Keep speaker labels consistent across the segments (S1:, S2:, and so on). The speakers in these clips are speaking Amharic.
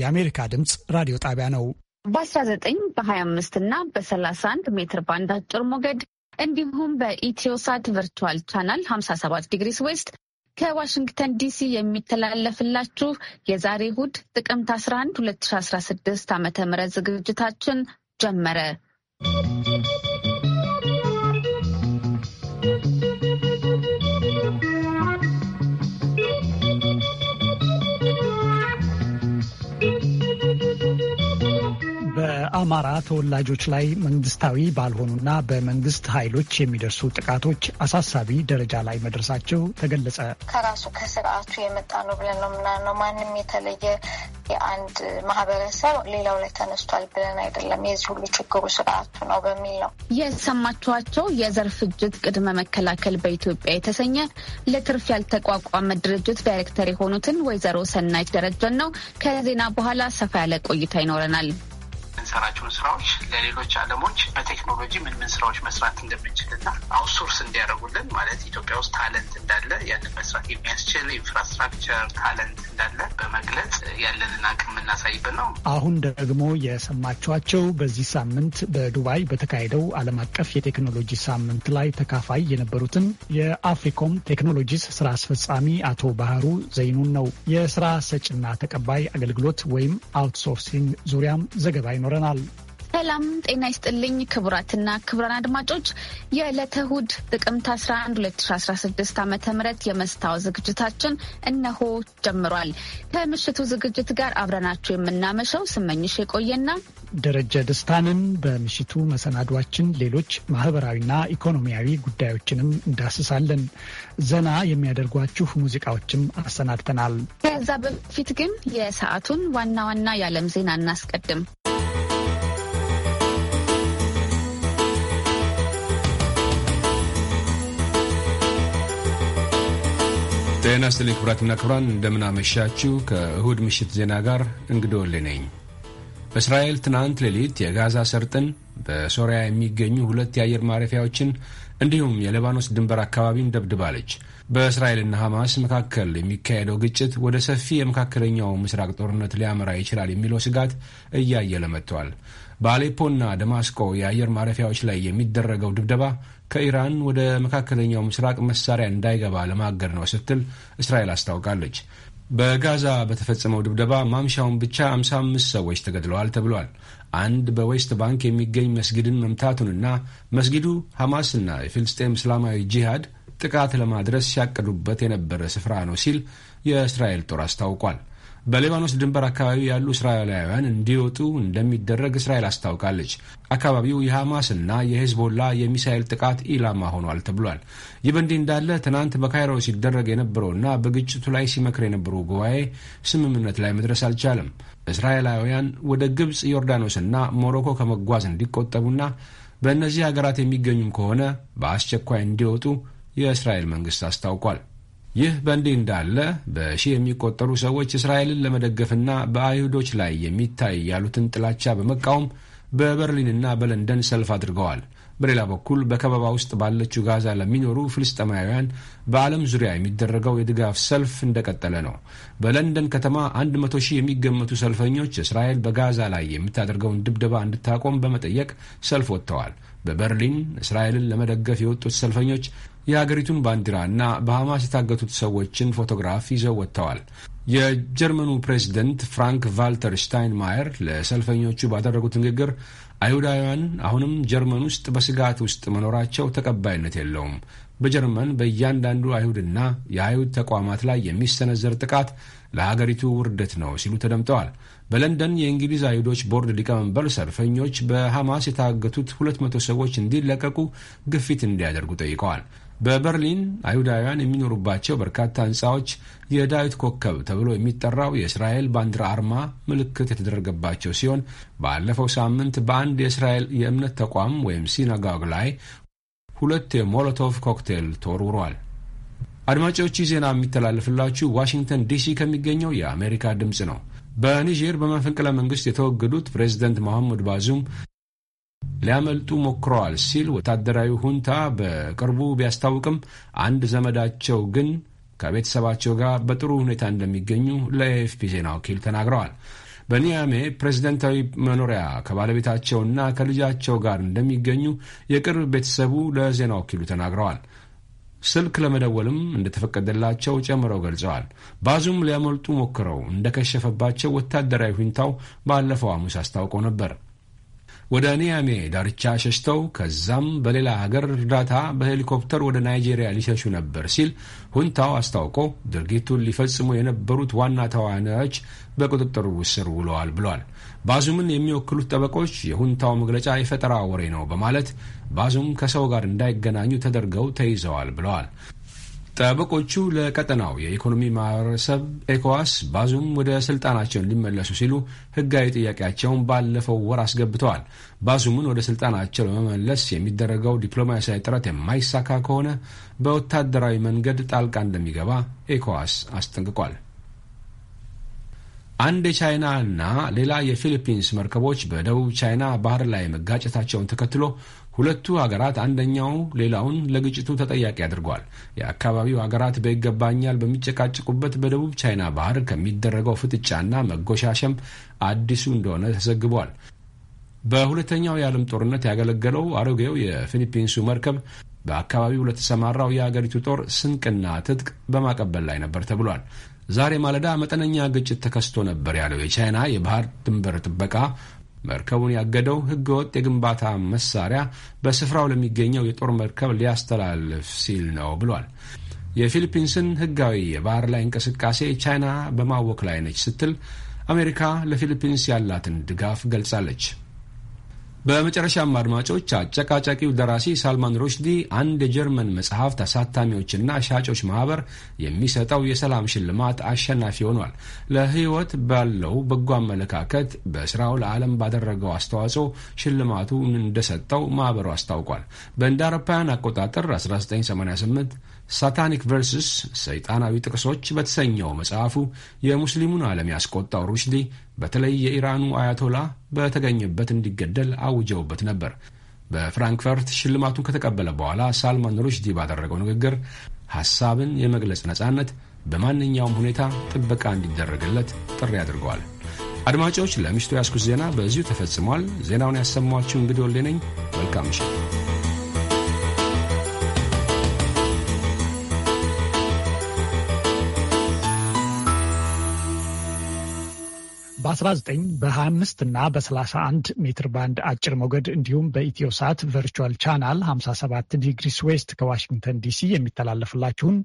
S1: የአሜሪካ ድምፅ ራዲዮ ጣቢያ ነው።
S2: በ19 በ25 እና በ31 ሜትር ባንድ አጭር ሞገድ እንዲሁም በኢትዮሳት ቨርቹዋል ቻናል 57 ዲግሪስ ዌስት ከዋሽንግተን ዲሲ የሚተላለፍላችሁ የዛሬ ሁድ ጥቅምት 11 2016 ዓ ም ዝግጅታችን ጀመረ።
S1: በአማራ ተወላጆች ላይ መንግስታዊ ባልሆኑና በመንግስት ኃይሎች የሚደርሱ ጥቃቶች አሳሳቢ ደረጃ ላይ መድረሳቸው ተገለጸ።
S3: ከራሱ ከስርዓቱ የመጣ ነው ብለን ነው ምናምነው። ማንም የተለየ የአንድ ማህበረሰብ ሌላው ላይ ተነስቷል ብለን አይደለም። የዚህ ሁሉ ችግሩ ስርዓቱ ነው በሚል ነው
S2: የሰማችኋቸው። የዘር ፍጅት ቅድመ መከላከል በኢትዮጵያ የተሰኘ ለትርፍ ያልተቋቋመ ድርጅት ዳይሬክተር የሆኑትን ወይዘሮ ሰናይት ደረጀን ነው። ከዜና በኋላ ሰፋ ያለ ቆይታ ይኖረናል።
S4: የምንሰራቸውን ስራዎች ለሌሎች አለሞች በቴክኖሎጂ ምን ምን ስራዎች መስራት እንደምንችልና አውትሶርስ እንዲያደርጉልን ማለት ኢትዮጵያ ውስጥ ታለንት እንዳለ ያንን መስራት የሚያስችል ኢንፍራስትራክቸር ታለንት እንዳለ በመግለጽ ያለንን አቅም የምናሳይበት ነው።
S1: አሁን ደግሞ የሰማችኋቸው በዚህ ሳምንት በዱባይ በተካሄደው ዓለም አቀፍ የቴክኖሎጂ ሳምንት ላይ ተካፋይ የነበሩትን የአፍሪኮም ቴክኖሎጂስ ስራ አስፈጻሚ አቶ ባህሩ ዘይኑን ነው። የስራ ሰጭና ተቀባይ አገልግሎት ወይም አውትሶርሲንግ ዙሪያም ዘገባ ይኖራል። ይነግረናል።
S2: ሰላም ጤና ይስጥልኝ ክቡራትና ክቡራን አድማጮች የዕለተ እሁድ ጥቅምት 11 2016 ዓ ም የመስታወት ዝግጅታችን እነሆ ጀምሯል። ከምሽቱ ዝግጅት ጋር አብረናችሁ የምናመሸው ስመኝሽ የቆየና
S1: ደረጀ ደስታንን በምሽቱ መሰናዷችን ሌሎች ማህበራዊና ኢኮኖሚያዊ ጉዳዮችንም እንዳስሳለን። ዘና የሚያደርጓችሁ ሙዚቃዎችም አሰናድተናል።
S2: ከዛ በፊት ግን የሰዓቱን ዋና ዋና የዓለም ዜና እናስቀድም።
S5: ጤና ይስጥልኝ ክቡራትና ክቡራን፣ እንደምናመሻችሁ። ከእሁድ ምሽት ዜና ጋር እንግዶል ነኝ። እስራኤል ትናንት ሌሊት የጋዛ ሰርጥን፣ በሶሪያ የሚገኙ ሁለት የአየር ማረፊያዎችን እንዲሁም የሌባኖስ ድንበር አካባቢን ደብድባለች። በእስራኤልና ሐማስ መካከል የሚካሄደው ግጭት ወደ ሰፊ የመካከለኛው ምስራቅ ጦርነት ሊያመራ ይችላል የሚለው ስጋት እያየለ መጥቷል። በአሌፖና ደማስቆ የአየር ማረፊያዎች ላይ የሚደረገው ድብደባ ከኢራን ወደ መካከለኛው ምስራቅ መሳሪያ እንዳይገባ ለማገድ ነው ስትል እስራኤል አስታውቃለች። በጋዛ በተፈጸመው ድብደባ ማምሻውን ብቻ 55 ሰዎች ተገድለዋል ተብሏል። አንድ በዌስት ባንክ የሚገኝ መስጊድን መምታቱንና መስጊዱ ሐማስና የፍልስጤም እስላማዊ ጂሃድ ጥቃት ለማድረስ ሲያቅዱበት የነበረ ስፍራ ነው ሲል የእስራኤል ጦር አስታውቋል። በሌባኖስ ድንበር አካባቢ ያሉ እስራኤላውያን እንዲወጡ እንደሚደረግ እስራኤል አስታውቃለች። አካባቢው የሐማስና የሄዝቦላ የሚሳኤል ጥቃት ኢላማ ሆኗል ተብሏል። ይህ በእንዲህ እንዳለ ትናንት በካይሮ ሲደረግ የነበረውና በግጭቱ ላይ ሲመክር የነበረው ጉባኤ ስምምነት ላይ መድረስ አልቻለም። እስራኤላውያን ወደ ግብፅ፣ ዮርዳኖስና ሞሮኮ ከመጓዝ እንዲቆጠቡና በእነዚህ ሀገራት የሚገኙም ከሆነ በአስቸኳይ እንዲወጡ የእስራኤል መንግስት አስታውቋል። ይህ በእንዲህ እንዳለ በሺህ የሚቆጠሩ ሰዎች እስራኤልን ለመደገፍና በአይሁዶች ላይ የሚታይ ያሉትን ጥላቻ በመቃወም በበርሊንና በለንደን ሰልፍ አድርገዋል። በሌላ በኩል በከበባ ውስጥ ባለችው ጋዛ ለሚኖሩ ፍልስጤማውያን በዓለም ዙሪያ የሚደረገው የድጋፍ ሰልፍ እንደቀጠለ ነው። በለንደን ከተማ 100 ሺህ የሚገመቱ ሰልፈኞች እስራኤል በጋዛ ላይ የምታደርገውን ድብደባ እንድታቆም በመጠየቅ ሰልፍ ወጥተዋል። በበርሊን እስራኤልን ለመደገፍ የወጡት ሰልፈኞች የአገሪቱን ባንዲራ እና በሐማስ የታገቱት ሰዎችን ፎቶግራፍ ይዘው ወጥተዋል። የጀርመኑ ፕሬዚደንት ፍራንክ ቫልተር ሽታይንማየር ለሰልፈኞቹ ባደረጉት ንግግር አይሁዳውያን አሁንም ጀርመን ውስጥ በስጋት ውስጥ መኖራቸው ተቀባይነት የለውም። በጀርመን በእያንዳንዱ አይሁድና የአይሁድ ተቋማት ላይ የሚሰነዘር ጥቃት ለሀገሪቱ ውርደት ነው ሲሉ ተደምጠዋል። በለንደን የእንግሊዝ አይሁዶች ቦርድ ሊቀመንበር ሰልፈኞች በሐማስ የታገቱት 200 ሰዎች እንዲለቀቁ ግፊት እንዲያደርጉ ጠይቀዋል። በበርሊን አይሁዳውያን የሚኖሩባቸው በርካታ ህንፃዎች የዳዊት ኮከብ ተብሎ የሚጠራው የእስራኤል ባንዲራ አርማ ምልክት የተደረገባቸው ሲሆን ባለፈው ሳምንት በአንድ የእስራኤል የእምነት ተቋም ወይም ሲናጋግ ላይ ሁለት የሞሎቶቭ ኮክቴል ተወርውረዋል። አድማጮች፣ ዜና የሚተላለፍላችሁ ዋሽንግተን ዲሲ ከሚገኘው የአሜሪካ ድምፅ ነው። በኒጀር በመፈንቅለ መንግስት የተወገዱት ፕሬዚደንት መሐመድ ባዙም ሊያመልጡ ሞክረዋል ሲል ወታደራዊ ሁንታ በቅርቡ ቢያስታውቅም አንድ ዘመዳቸው ግን ከቤተሰባቸው ጋር በጥሩ ሁኔታ እንደሚገኙ ለኤፍፒ ዜና ወኪል ተናግረዋል። በኒያሜ ፕሬዚደንታዊ መኖሪያ ከባለቤታቸውና ከልጃቸው ጋር እንደሚገኙ የቅርብ ቤተሰቡ ለዜና ወኪሉ ተናግረዋል። ስልክ ለመደወልም እንደተፈቀደላቸው ጨምረው ገልጸዋል። ባዙም ሊያመልጡ ሞክረው እንደከሸፈባቸው ወታደራዊ ሁንታው ባለፈው ሐሙስ አስታውቀው ነበር። ወደ ኒያሜ ዳርቻ ሸሽተው ከዛም በሌላ ሀገር እርዳታ በሄሊኮፕተር ወደ ናይጄሪያ ሊሸሹ ነበር ሲል ሁንታው አስታውቆ ድርጊቱን ሊፈጽሙ የነበሩት ዋና ተዋናዮች በቁጥጥር ስር ውለዋል ብሏል። ባዙምን የሚወክሉት ጠበቆች የሁንታው መግለጫ የፈጠራ ወሬ ነው በማለት ባዙም ከሰው ጋር እንዳይገናኙ ተደርገው ተይዘዋል ብለዋል። ጠበቆቹ ለቀጠናው የኢኮኖሚ ማህበረሰብ ኤኮዋስ ባዙም ወደ ስልጣናቸው እንዲመለሱ ሲሉ ህጋዊ ጥያቄያቸውን ባለፈው ወር አስገብተዋል። ባዙምን ወደ ስልጣናቸው ለመመለስ የሚደረገው ዲፕሎማሲያዊ ጥረት የማይሳካ ከሆነ በወታደራዊ መንገድ ጣልቃ እንደሚገባ ኤኮዋስ አስጠንቅቋል። አንድ የቻይና እና ሌላ የፊሊፒንስ መርከቦች በደቡብ ቻይና ባህር ላይ መጋጨታቸውን ተከትሎ ሁለቱ ሀገራት አንደኛው ሌላውን ለግጭቱ ተጠያቂ አድርጓል። የአካባቢው ሀገራት በይገባኛል በሚጨቃጭቁበት በደቡብ ቻይና ባህር ከሚደረገው ፍጥጫና መጎሻሸም አዲሱ እንደሆነ ተዘግቧል። በሁለተኛው የዓለም ጦርነት ያገለገለው አሮጌው የፊሊፒንሱ መርከብ በአካባቢው ለተሰማራው የአገሪቱ ጦር ስንቅና ትጥቅ በማቀበል ላይ ነበር ተብሏል። ዛሬ ማለዳ መጠነኛ ግጭት ተከስቶ ነበር ያለው የቻይና የባህር ድንበር ጥበቃ መርከቡን ያገደው ወጥ የግንባታ መሳሪያ በስፍራው ለሚገኘው የጦር መርከብ ሊያስተላልፍ ሲል ነው ብሏል። የፊሊፒንስን ህጋዊ የባህር ላይ እንቅስቃሴ ቻይና በማወክ ላይ ነች ስትል አሜሪካ ለፊሊፒንስ ያላትን ድጋፍ ገልጻለች። በመጨረሻም አድማጮች አጨቃጫቂው ደራሲ ሳልማን ሮሽዲ፣ አንድ የጀርመን መጽሐፍት አሳታሚዎችና ሻጮች ማህበር የሚሰጠው የሰላም ሽልማት አሸናፊ ሆኗል። ለሕይወት ባለው በጎ አመለካከት በስራው ለዓለም ባደረገው አስተዋጽኦ ሽልማቱ እንደሰጠው ማህበሩ አስታውቋል። በእንደ አውሮፓውያን አቆጣጠር 1988 ሳታኒክ ቨርስስ ሰይጣናዊ ጥቅሶች በተሰኘው መጽሐፉ የሙስሊሙን ዓለም ያስቆጣው ሩሽዲ በተለይ የኢራኑ አያቶላ በተገኘበት እንዲገደል አውጀውበት ነበር። በፍራንክፈርት ሽልማቱን ከተቀበለ በኋላ ሳልማን ሩሽዲ ባደረገው ንግግር ሐሳብን የመግለጽ ነጻነት በማንኛውም ሁኔታ ጥበቃ እንዲደረግለት ጥሪ አድርገዋል። አድማጮች፣ ለምሽቱ ያስኩት ዜና በዚሁ ተፈጽሟል። ዜናውን ያሰማኋችሁ እንግዲህ ወሌ ነኝ። መልካም ምሽት።
S1: በ19 በ25 እና በ31 ሜትር ባንድ አጭር ሞገድ እንዲሁም በኢትዮ ሳት ቨርቹዋል ቻናል 57 ዲግሪስ ዌስት ከዋሽንግተን ዲሲ የሚተላለፍላችሁን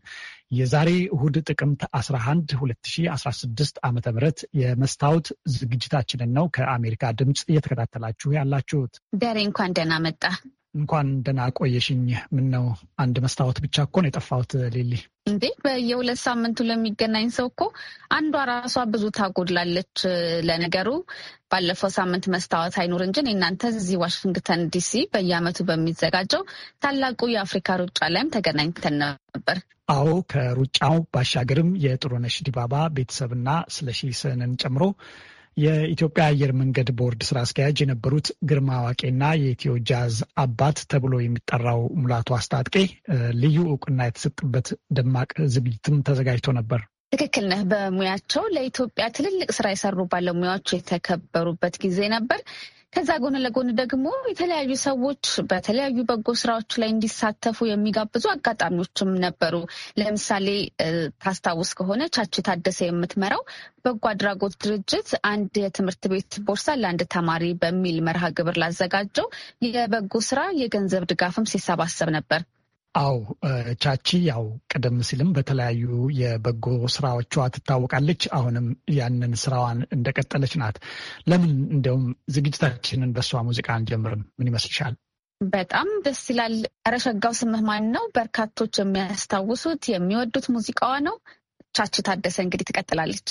S1: የዛሬ እሁድ ጥቅምት 11 2016 ዓ ም የመስታወት ዝግጅታችንን ነው ከአሜሪካ ድምፅ እየተከታተላችሁ ያላችሁት። ደሬ
S2: እንኳን ደህና መጣ።
S1: እንኳን ደህና ቆየሽኝ። ምን ነው አንድ መስታወት ብቻ እኮ ነው የጠፋሁት ሌሊ።
S2: እንዴ በየሁለት ሳምንቱ ለሚገናኝ ሰው እኮ አንዷ ራሷ ብዙ ታጎድላለች። ለነገሩ ባለፈው ሳምንት መስታወት አይኑር እንጂ እናንተ እዚህ ዋሽንግተን ዲሲ በየአመቱ በሚዘጋጀው ታላቁ የአፍሪካ ሩጫ ላይም ተገናኝተን ነበር።
S1: አዎ ከሩጫው ባሻገርም የጥሩነሽ ዲባባ ቤተሰብና ስለሺ ስህንን ጨምሮ የኢትዮጵያ አየር መንገድ ቦርድ ስራ አስኪያጅ የነበሩት ግርማ አዋቄና የኢትዮ ጃዝ አባት ተብሎ የሚጠራው ሙላቱ አስታጥቄ ልዩ እውቅና የተሰጥበት ደማቅ ዝግጅትም ተዘጋጅቶ ነበር።
S2: ትክክል ነህ። በሙያቸው ለኢትዮጵያ ትልልቅ ስራ የሰሩ ባለሙያዎች የተከበሩበት ጊዜ ነበር። ከዛ ጎን ለጎን ደግሞ የተለያዩ ሰዎች በተለያዩ በጎ ስራዎች ላይ እንዲሳተፉ የሚጋብዙ አጋጣሚዎችም ነበሩ። ለምሳሌ ታስታውስ ከሆነ ቻች ታደሰ የምትመራው በጎ አድራጎት ድርጅት አንድ የትምህርት ቤት ቦርሳ ለአንድ ተማሪ በሚል መርሃ ግብር ላዘጋጀው የበጎ ስራ የገንዘብ ድጋፍም ሲሰባሰብ ነበር።
S1: አው ቻቺ ያው ቀደም ሲልም በተለያዩ የበጎ ስራዎቿ ትታወቃለች። አሁንም ያንን ስራዋን እንደቀጠለች ናት። ለምን እንደውም ዝግጅታችንን በእሷ ሙዚቃ አንጀምርም? ምን ይመስልሻል?
S2: በጣም ደስ ይላል። ረሸጋው ስምህ ማን ነው? በርካቶች የሚያስታውሱት የሚወዱት ሙዚቃዋ ነው። ቻች ታደሰ እንግዲህ ትቀጥላለች።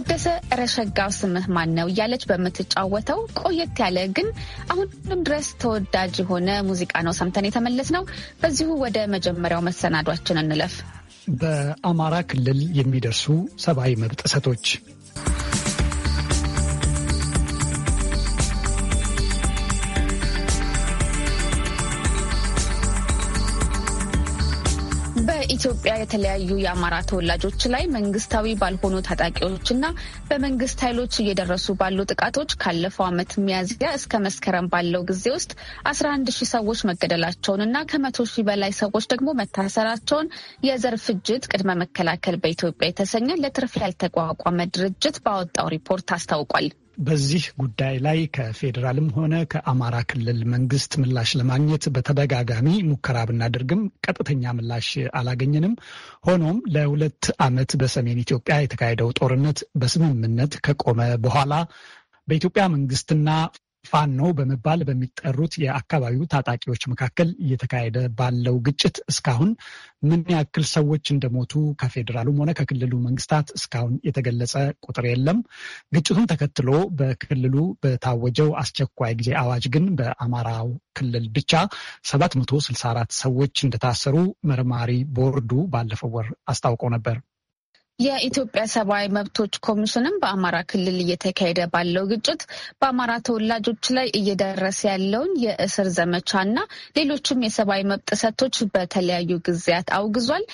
S2: ታደሰ ረሸጋው ስምህ ማን ነው እያለች በምትጫወተው ቆየት ያለ ግን አሁንም ድረስ ተወዳጅ የሆነ ሙዚቃ ነው ሰምተን የተመለስ ነው። በዚሁ ወደ መጀመሪያው መሰናዷችን እንለፍ።
S1: በአማራ ክልል የሚደርሱ ሰብአዊ መብት ጥሰቶች
S2: በኢትዮጵያ የተለያዩ የአማራ ተወላጆች ላይ መንግስታዊ ባልሆኑ ታጣቂዎችና በመንግስት ኃይሎች እየደረሱ ባሉ ጥቃቶች ካለፈው ዓመት ሚያዝያ እስከ መስከረም ባለው ጊዜ ውስጥ አስራ አንድ ሺህ ሰዎች መገደላቸውንና ከመቶ ሺህ በላይ ሰዎች ደግሞ መታሰራቸውን የዘር ፍጅት ቅድመ መከላከል በኢትዮጵያ የተሰኘ ለትርፍ ያልተቋቋመ ድርጅት ባወጣው ሪፖርት አስታውቋል።
S1: በዚህ ጉዳይ ላይ ከፌዴራልም ሆነ ከአማራ ክልል መንግስት ምላሽ ለማግኘት በተደጋጋሚ ሙከራ ብናደርግም ቀጥተኛ ምላሽ አላገኘንም። ሆኖም ለሁለት ዓመት በሰሜን ኢትዮጵያ የተካሄደው ጦርነት በስምምነት ከቆመ በኋላ በኢትዮጵያ መንግስትና ፋኖ በመባል በሚጠሩት የአካባቢው ታጣቂዎች መካከል እየተካሄደ ባለው ግጭት እስካሁን ምን ያክል ሰዎች እንደሞቱ ከፌዴራሉም ሆነ ከክልሉ መንግስታት እስካሁን የተገለጸ ቁጥር የለም። ግጭቱን ተከትሎ በክልሉ በታወጀው አስቸኳይ ጊዜ አዋጅ ግን በአማራው ክልል ብቻ 764 ሰዎች እንደታሰሩ መርማሪ ቦርዱ ባለፈው ወር አስታውቆ ነበር።
S2: የኢትዮጵያ ሰብአዊ መብቶች ኮሚሽንም በአማራ ክልል እየተካሄደ ባለው ግጭት በአማራ ተወላጆች ላይ እየደረሰ ያለውን የእስር ዘመቻ እና ሌሎችም የሰብአዊ መብት ጥሰቶች በተለያዩ ጊዜያት አውግዟል።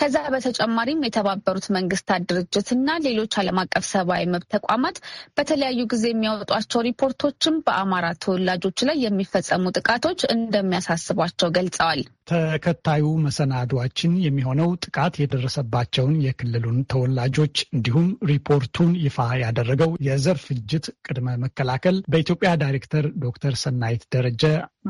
S2: ከዛ በተጨማሪም የተባበሩት መንግስታት ድርጅት እና ሌሎች ዓለም አቀፍ ሰብአዊ መብት ተቋማት በተለያዩ ጊዜ የሚያወጧቸው ሪፖርቶችም በአማራ ተወላጆች ላይ የሚፈጸሙ ጥቃቶች እንደሚያሳስቧቸው ገልጸዋል።
S1: ተከታዩ መሰናዷችን የሚሆነው ጥቃት የደረሰባቸውን የክልሉን ተወላጆች እንዲሁም ሪፖርቱን ይፋ ያደረገው የዘር ፍጅት ቅድመ መከላከል በኢትዮጵያ ዳይሬክተር ዶክተር ሰናይት ደረጀ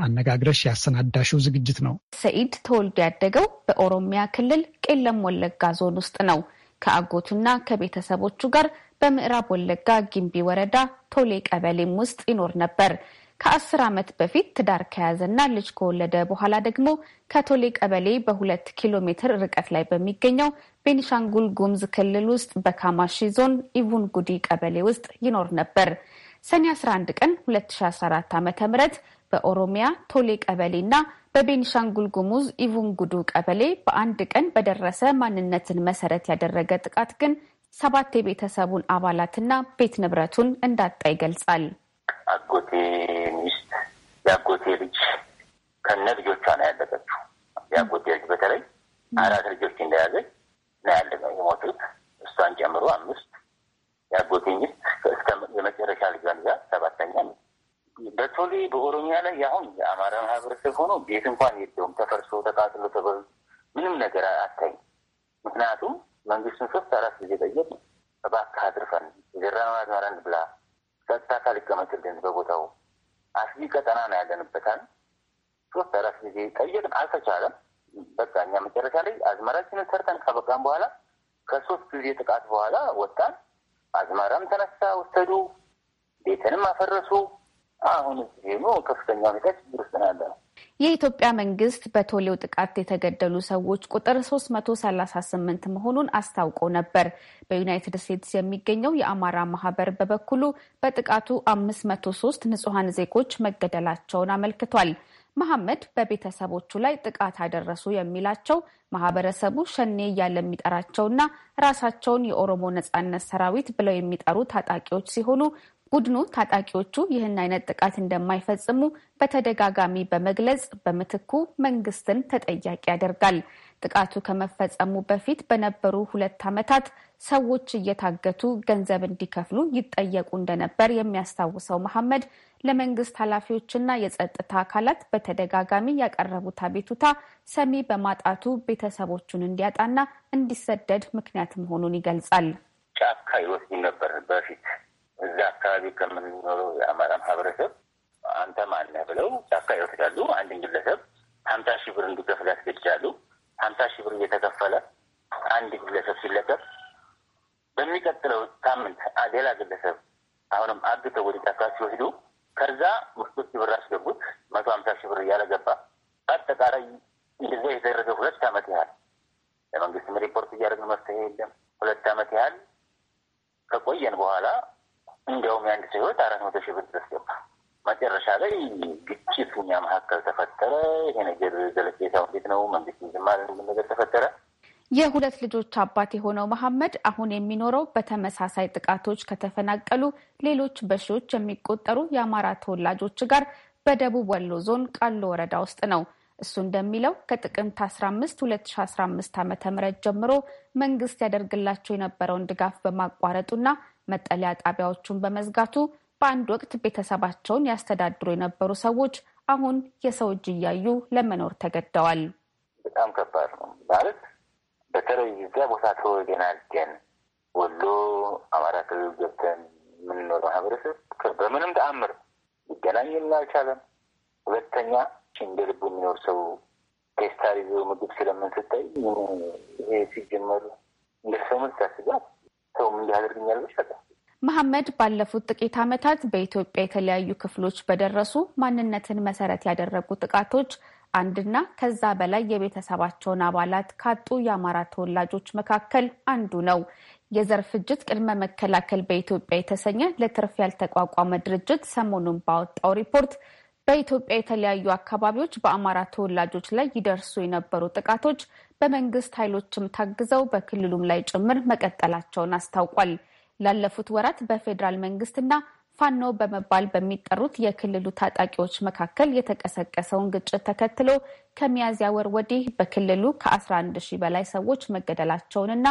S1: አነጋግረሽ ያሰናዳሽው ዝግጅት ነው።
S2: ሰኢድ ተወልዶ ያደገው በኦሮሚያ ክልል የቄለም ወለጋ ዞን ውስጥ ነው። ከአጎቱና ከቤተሰቦቹ ጋር በምዕራብ ወለጋ ጊምቢ ወረዳ ቶሌ ቀበሌም ውስጥ ይኖር ነበር። ከአስር ዓመት በፊት ትዳር ከያዘና ልጅ ከወለደ በኋላ ደግሞ ከቶሌ ቀበሌ በሁለት ኪሎ ሜትር ርቀት ላይ በሚገኘው ቤኒሻንጉል ጉምዝ ክልል ውስጥ በካማሺ ዞን ኢቡን ጉዲ ቀበሌ ውስጥ ይኖር ነበር። ሰኔ 11 ቀን 2014 ዓ ም በኦሮሚያ ቶሌ ቀበሌና በቤኒሻንጉል ጉሙዝ ኢቡንጉዱ ቀበሌ በአንድ ቀን በደረሰ ማንነትን መሰረት ያደረገ ጥቃት ግን ሰባት የቤተሰቡን አባላትና ቤት ንብረቱን እንዳጣ ይገልጻል።
S6: አጎቴ ሚስት፣ የአጎቴ ልጅ ከነ ልጆቿ ነው ያለቀችው። የአጎቴ ልጅ በተለይ አራት ልጆች እንደያዘች ነው ያለቀው። የሞቱት እሷን ጨምሮ አምስት የአጎቴ ሚስት እስከ የመጨረሻ ልጇን ይዛ ሰባተኛ ነው በቶሌ በኦሮሚያ ላይ አሁን የአማራ ማህበረሰብ ሆኖ ቤት እንኳን የለውም። ተፈርሶ ተቃጥሎ ተበ ምንም ነገር አታይም። ምክንያቱም መንግስቱን ሶስት አራት ጊዜ ጠየቅ እባክህ አድርፈን የዘራነውን አዝመራ እንብላ፣ ጸጥታ አካል ይቀመጥልን፣ በቦታው አስጊ ቀጠና ነው ያለንበታል። ሶስት አራት ጊዜ ጠየቅን፣ አልተቻለም። በቃ እኛ መጨረሻ ላይ አዝመራችንን ሰርተን ካበቃን በኋላ ከሶስት ጊዜ ጥቃት በኋላ ወጣን። አዝመራም ተነሳ፣ ወሰዱ፣ ቤትንም አፈረሱ። አሁን ደግሞ ከፍተኛ ሁኔታ ችግር ውስጥ ያለ ነው።
S2: የኢትዮጵያ መንግስት በቶሌው ጥቃት የተገደሉ ሰዎች ቁጥር 338 መሆኑን አስታውቆ ነበር። በዩናይትድ ስቴትስ የሚገኘው የአማራ ማህበር በበኩሉ በጥቃቱ 503 ንጹሐን ዜጎች መገደላቸውን አመልክቷል። መሐመድ በቤተሰቦቹ ላይ ጥቃት አደረሱ የሚላቸው ማህበረሰቡ ሸኔ እያለ የሚጠራቸውና ራሳቸውን የኦሮሞ ነጻነት ሰራዊት ብለው የሚጠሩ ታጣቂዎች ሲሆኑ ቡድኑ ታጣቂዎቹ ይህን አይነት ጥቃት እንደማይፈጽሙ በተደጋጋሚ በመግለጽ በምትኩ መንግስትን ተጠያቂ ያደርጋል። ጥቃቱ ከመፈጸሙ በፊት በነበሩ ሁለት ዓመታት ሰዎች እየታገቱ ገንዘብ እንዲከፍሉ ይጠየቁ እንደነበር የሚያስታውሰው መሐመድ ለመንግስት ኃላፊዎችና የጸጥታ አካላት በተደጋጋሚ ያቀረቡት አቤቱታ ሰሚ በማጣቱ ቤተሰቦቹን እንዲያጣና እንዲሰደድ ምክንያት መሆኑን ይገልጻል።
S6: ጫካ ይወስዱ ነበር በፊት እዛ አካባቢ ከምንኖረው የአማራ ማህበረሰብ አንተ ማነህ ብለው ጫካ ይወስዳሉ። አንድን ግለሰብ ሀምሳ ሺህ ብር እንዲከፍል ያስገድዳሉ። ሀምሳ ሺህ ብር እየተከፈለ አንድ ግለሰብ ሲለቀቅ በሚቀጥለው ሳምንት ሌላ ግለሰብ አሁንም አግተው ወደ ጫካ ሲወስዱ ከዛ ውስጡ ብር አስገቡት። መቶ ሀምሳ ሺህ ብር እያለገባ በአጠቃላይ እንደዛ የተደረገ ሁለት ዓመት ያህል ለመንግስትም ሪፖርት እያደረግን መፍትሄ የለም። ሁለት ዓመት ያህል ከቆየን በኋላ እንዲያውም የአንድ ሰው ህይወት አራት መቶ ሺህ ብር ድረስ ገባ። መጨረሻ ላይ ግጭቱ እኛ መካከል ተፈጠረ። ይሄ ነገር ዘለቄታ እንዴት ነው መንግስት ዝማል ነገር ተፈጠረ።
S2: የሁለት ልጆች አባት የሆነው መሐመድ አሁን የሚኖረው በተመሳሳይ ጥቃቶች ከተፈናቀሉ ሌሎች በሺዎች የሚቆጠሩ የአማራ ተወላጆች ጋር በደቡብ ወሎ ዞን ቃሎ ወረዳ ውስጥ ነው። እሱ እንደሚለው ከጥቅምት 15 2015 ዓ ም ጀምሮ መንግስት ያደርግላቸው የነበረውን ድጋፍ በማቋረጡና መጠለያ ጣቢያዎቹን በመዝጋቱ በአንድ ወቅት ቤተሰባቸውን ያስተዳድሩ የነበሩ ሰዎች አሁን የሰው እጅ እያዩ ለመኖር ተገደዋል።
S6: በጣም ከባድ ነው ማለት በተለይ እዚያ ቦታ ተወገናገን ወሎ፣ አማራ ክልል ገብተን የምንኖር ማህበረሰብ በምንም ተአምር ሊገናኝ አልቻለም። ሁለተኛ እንደ ልቡ የሚኖር ሰው ቴስታር ይዞ ምግብ ስለምንስጠይ ይሄ ሲጀመሩ እንደ ሰው ምን ሰውም እንዲያደርግኛል መሰለ።
S2: መሐመድ ባለፉት ጥቂት ዓመታት በኢትዮጵያ የተለያዩ ክፍሎች በደረሱ ማንነትን መሰረት ያደረጉ ጥቃቶች አንድና ከዛ በላይ የቤተሰባቸውን አባላት ካጡ የአማራ ተወላጆች መካከል አንዱ ነው። የዘር ፍጅት ቅድመ መከላከል በኢትዮጵያ የተሰኘ ለትርፍ ያልተቋቋመ ድርጅት ሰሞኑን ባወጣው ሪፖርት በኢትዮጵያ የተለያዩ አካባቢዎች በአማራ ተወላጆች ላይ ይደርሱ የነበሩ ጥቃቶች በመንግስት ኃይሎችም ታግዘው በክልሉም ላይ ጭምር መቀጠላቸውን አስታውቋል። ላለፉት ወራት በፌዴራል መንግስትና ፋኖ በመባል በሚጠሩት የክልሉ ታጣቂዎች መካከል የተቀሰቀሰውን ግጭት ተከትሎ ከሚያዝያ ወር ወዲህ በክልሉ ከ11 ሺህ በላይ ሰዎች መገደላቸውንና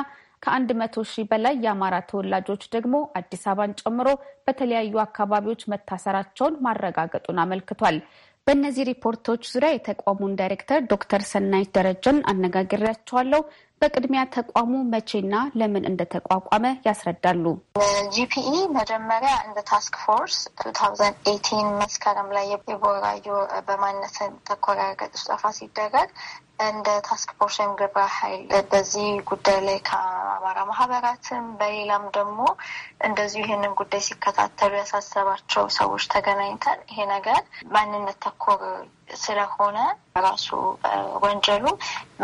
S2: ከ100 ሺህ በላይ የአማራ ተወላጆች ደግሞ አዲስ አበባን ጨምሮ በተለያዩ አካባቢዎች መታሰራቸውን ማረጋገጡን አመልክቷል። በእነዚህ ሪፖርቶች ዙሪያ የተቋሙን ዳይሬክተር ዶክተር ሰናይት ደረጀን አነጋግሬያቸዋለሁ። በቅድሚያ ተቋሙ መቼና ለምን እንደተቋቋመ ያስረዳሉ።
S3: ጂፒኢ መጀመሪያ እንደ ታስክ ፎርስ ቱ ታውዘንድ ኤይቲን መስከረም ላይ የቦራዩ በማንነት ተኮር ያረጋገጥ ሲደረግ እንደ ታስክ ፎርስ ወይም ግብረ ኃይል በዚህ ጉዳይ ላይ ከአማራ ማህበራትም በሌላም ደግሞ እንደዚሁ ይህንን ጉዳይ ሲከታተሉ ያሳሰባቸው ሰዎች ተገናኝተን ይሄ ነገር ማንነት ተኮር ስለሆነ ራሱ ወንጀሉ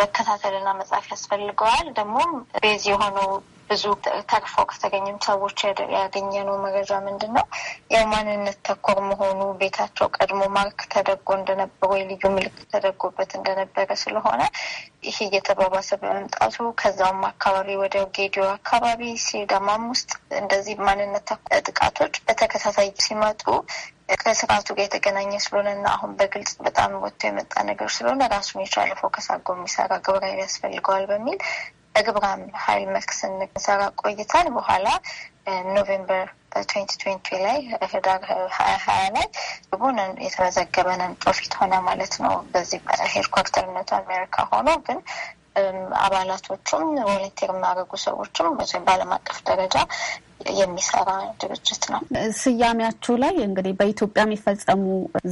S3: መከታተልና መጻፍ ያስፈልገዋል። ደግሞ ቤዝ የሆነው ብዙ ተርፎ ከተገኘም ሰዎች ያገኘነው መረጃ ምንድን ነው? የማንነት ተኮር መሆኑ ቤታቸው ቀድሞ ማርክ ተደርጎ እንደነበረ ወይ ልዩ ምልክት ተደርጎበት እንደነበረ ስለሆነ ይህ እየተባባሰ በመምጣቱ ከዛውም አካባቢ ወደ ጌዲዮ አካባቢ ሲዳማም ውስጥ እንደዚህ ማንነት ጥቃቶች በተከታታይ ሲመጡ ከስርዓቱ ጋር የተገናኘ ስለሆነ እና አሁን በግልጽ በጣም ወጥቶ የመጣ ነገር ስለሆነ ራሱን የቻለ ፎከስ አድርጎ የሚሰራ ግብረ ኃይል ያስፈልገዋል በሚል በግብረ ኃይል መልክ ስንሰራ ቆይታል። በኋላ ኖቬምበር በትዌንቲ ትዌንቲ ላይ ህዳር ሀያ ሀያ ላይ ግቡን የተመዘገበንን ፕሮፊት ሆነ ማለት ነው። በዚህ ሄድኳርተርነቱ አሜሪካ ሆኖ ግን አባላቶቹም ወለንቴር የማደረጉ ሰዎችም በዓለም አቀፍ ደረጃ የሚሰራ ድርጅት
S2: ነው። ስያሜያችሁ ላይ እንግዲህ በኢትዮጵያ የሚፈጸሙ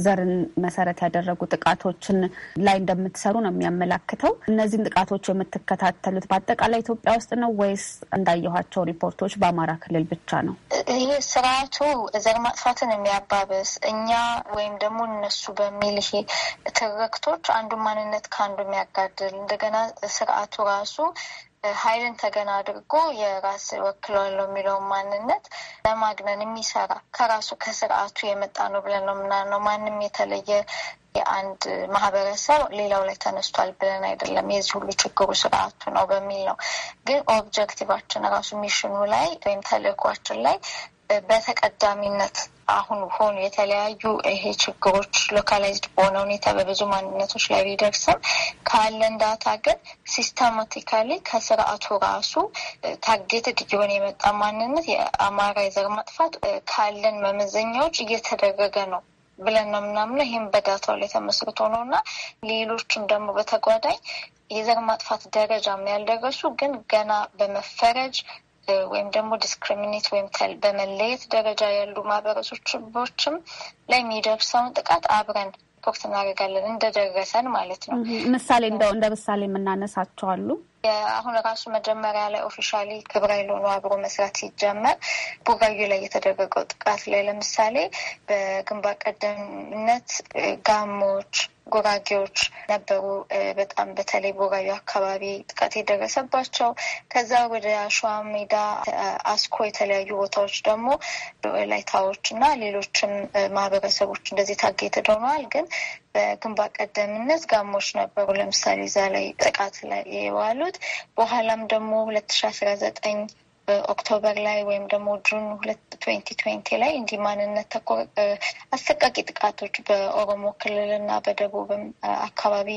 S2: ዘርን መሰረት ያደረጉ ጥቃቶችን ላይ እንደምትሰሩ ነው የሚያመላክተው። እነዚህን ጥቃቶች የምትከታተሉት በአጠቃላይ ኢትዮጵያ ውስጥ ነው ወይስ እንዳየኋቸው ሪፖርቶች በአማራ ክልል ብቻ ነው?
S3: ይህ ስርዓቱ ዘር ማጥፋትን የሚያባብስ እኛ ወይም ደግሞ እነሱ በሚል ይሄ ትርክቶች አንዱ ማንነት ከአንዱ የሚያጋድል እንደገና ስርዓቱ ራሱ ኃይልን ተገና አድርጎ የራስ ወክለዋለሁ የሚለውን ማንነት ለማግነን የሚሰራ ከራሱ ከስርዓቱ የመጣ ነው ብለን ነው የምናምነው። ማንም የተለየ የአንድ ማህበረሰብ ሌላው ላይ ተነስቷል ብለን አይደለም። የዚህ ሁሉ ችግሩ ስርዓቱ ነው በሚል ነው። ግን ኦብጀክቲቫችን ራሱ ሚሽኑ ላይ ወይም ተልእኳችን ላይ በተቀዳሚነት አሁን ሆኑ የተለያዩ ይሄ ችግሮች ሎካላይዝድ በሆነ ሁኔታ በብዙ ማንነቶች ላይ ቢደርስም ካለን ዳታ ግን ሲስተማቲካሊ ከስርዓቱ ራሱ ታጌትድ እየሆነ የመጣ ማንነት የአማራ የዘር ማጥፋት ካለን መመዘኛዎች እየተደረገ ነው ብለን ነው የምናምነው። ይህም በዳታው ላይ ተመስርቶ ነው እና ሌሎችም ደግሞ በተጓዳኝ የዘር ማጥፋት ደረጃም ያልደረሱ ግን ገና በመፈረጅ ወይም ደግሞ ዲስክሪሚኔት ወይም ተል በመለየት ደረጃ ያሉ ማህበረሰቦችም ላይ የሚደርሰውን ጥቃት አብረን ሪፖርት እናደርጋለን እንደደረሰን ማለት ነው።
S2: ምሳሌ እንደው እንደ ምሳሌ የምናነሳቸው አሉ
S3: አሁን ራሱ መጀመሪያ ላይ ኦፊሻሊ ክብረ ሎኑ አብሮ መስራት ሲጀመር ቡራዩ ላይ የተደረገው ጥቃት ላይ ለምሳሌ በግንባር ቀደምነት ጋሞች ጉራጌዎች ነበሩ። በጣም በተለይ ቦራዩ አካባቢ ጥቃት የደረሰባቸው ከዛ ወደ አሸዋ ሜዳ፣ አስኮ የተለያዩ ቦታዎች ደግሞ ላይታዎች እና ሌሎችም ማህበረሰቦች እንደዚህ ታገ ተደርገዋል። ግን በግንባር ቀደምነት ጋሞች ነበሩ። ለምሳሌ እዛ ላይ ጥቃት ላይ የዋሉት በኋላም ደግሞ ሁለት ሺ አስራ ዘጠኝ ኦክቶበር ላይ ወይም ደግሞ ጁን ሁለት ትዌንቲ ትዌንቲ ላይ እንዲህ ማንነት ተኮር አሰቃቂ ጥቃቶች በኦሮሞ ክልልና በደቡብም አካባቢ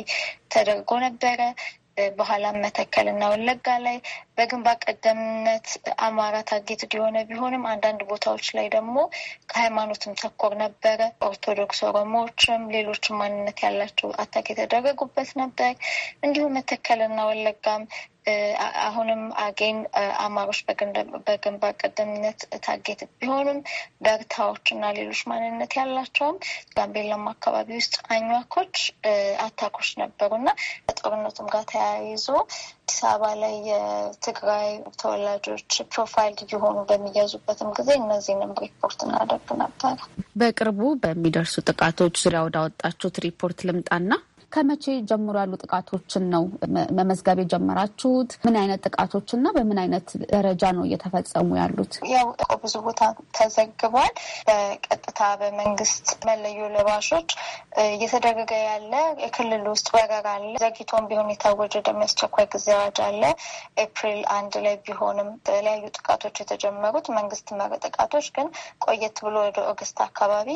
S3: ተደርጎ ነበረ። በኋላም መተከልና ወለጋ ላይ በግንባር ቀደምነት አማራ ታርጌትድ የሆነ ቢሆንም አንዳንድ ቦታዎች ላይ ደግሞ ከሃይማኖትም ተኮር ነበረ። ኦርቶዶክስ ኦሮሞዎችም ሌሎችም ማንነት ያላቸው አታክ የተደረጉበት ነበር። እንዲሁም መተከልና ወለጋም አሁንም አጌን አማሮች በግንባር ቀደምነት ታጌት ቢሆኑም ዳርታዎች እና ሌሎች ማንነት ያላቸውም ጋምቤላም አካባቢ ውስጥ አኟኮች አታኮች ነበሩ እና ከጦርነቱም ጋር ተያይዞ አዲስ አበባ ላይ የትግራይ ተወላጆች ፕሮፋይል እየሆኑ በሚያዙበትም ጊዜ እነዚህንም ሪፖርት እናደርግ
S2: ነበር። በቅርቡ በሚደርሱ ጥቃቶች ዙሪያ ወዳወጣችሁት ሪፖርት ልምጣና ከመቼ ጀምሮ ያሉ ጥቃቶችን ነው መመዝገብ የጀመራችሁት? ምን አይነት ጥቃቶች እና በምን አይነት ደረጃ ነው እየተፈጸሙ ያሉት? ያው ብዙ ቦታ ተዘግቧል።
S3: በቀጥታ በመንግስት መለዮ ለባሾች እየተደረገ ያለ የክልል ውስጥ ወረራ አለ። ዘግይቶም ቢሆን የታወጀ ደግሞ የአስቸኳይ ጊዜ አዋጅ አለ። ኤፕሪል አንድ ላይ ቢሆንም የተለያዩ ጥቃቶች የተጀመሩት መንግስት መር ጥቃቶች ግን ቆየት ብሎ ወደ ኦገስት አካባቢ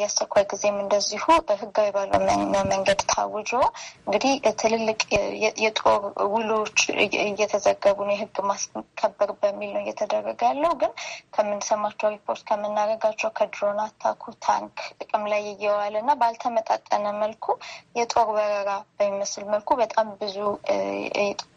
S3: የአስቸኳይ ጊዜም እንደዚሁ በህጋዊ ባልሆነ መንገድ ታውጆ እንግዲህ ትልልቅ የጦር ውሎች እየተዘገቡ ነው። የህግ ማስከበር በሚል ነው እየተደረገ ያለው። ግን ከምንሰማቸው ሪፖርት ከምናደርጋቸው ከድሮን አታኩ ታንክ ጥቅም ላይ እየዋለ እና ባልተመጣጠነ መልኩ የጦር በረራ በሚመስል መልኩ በጣም ብዙ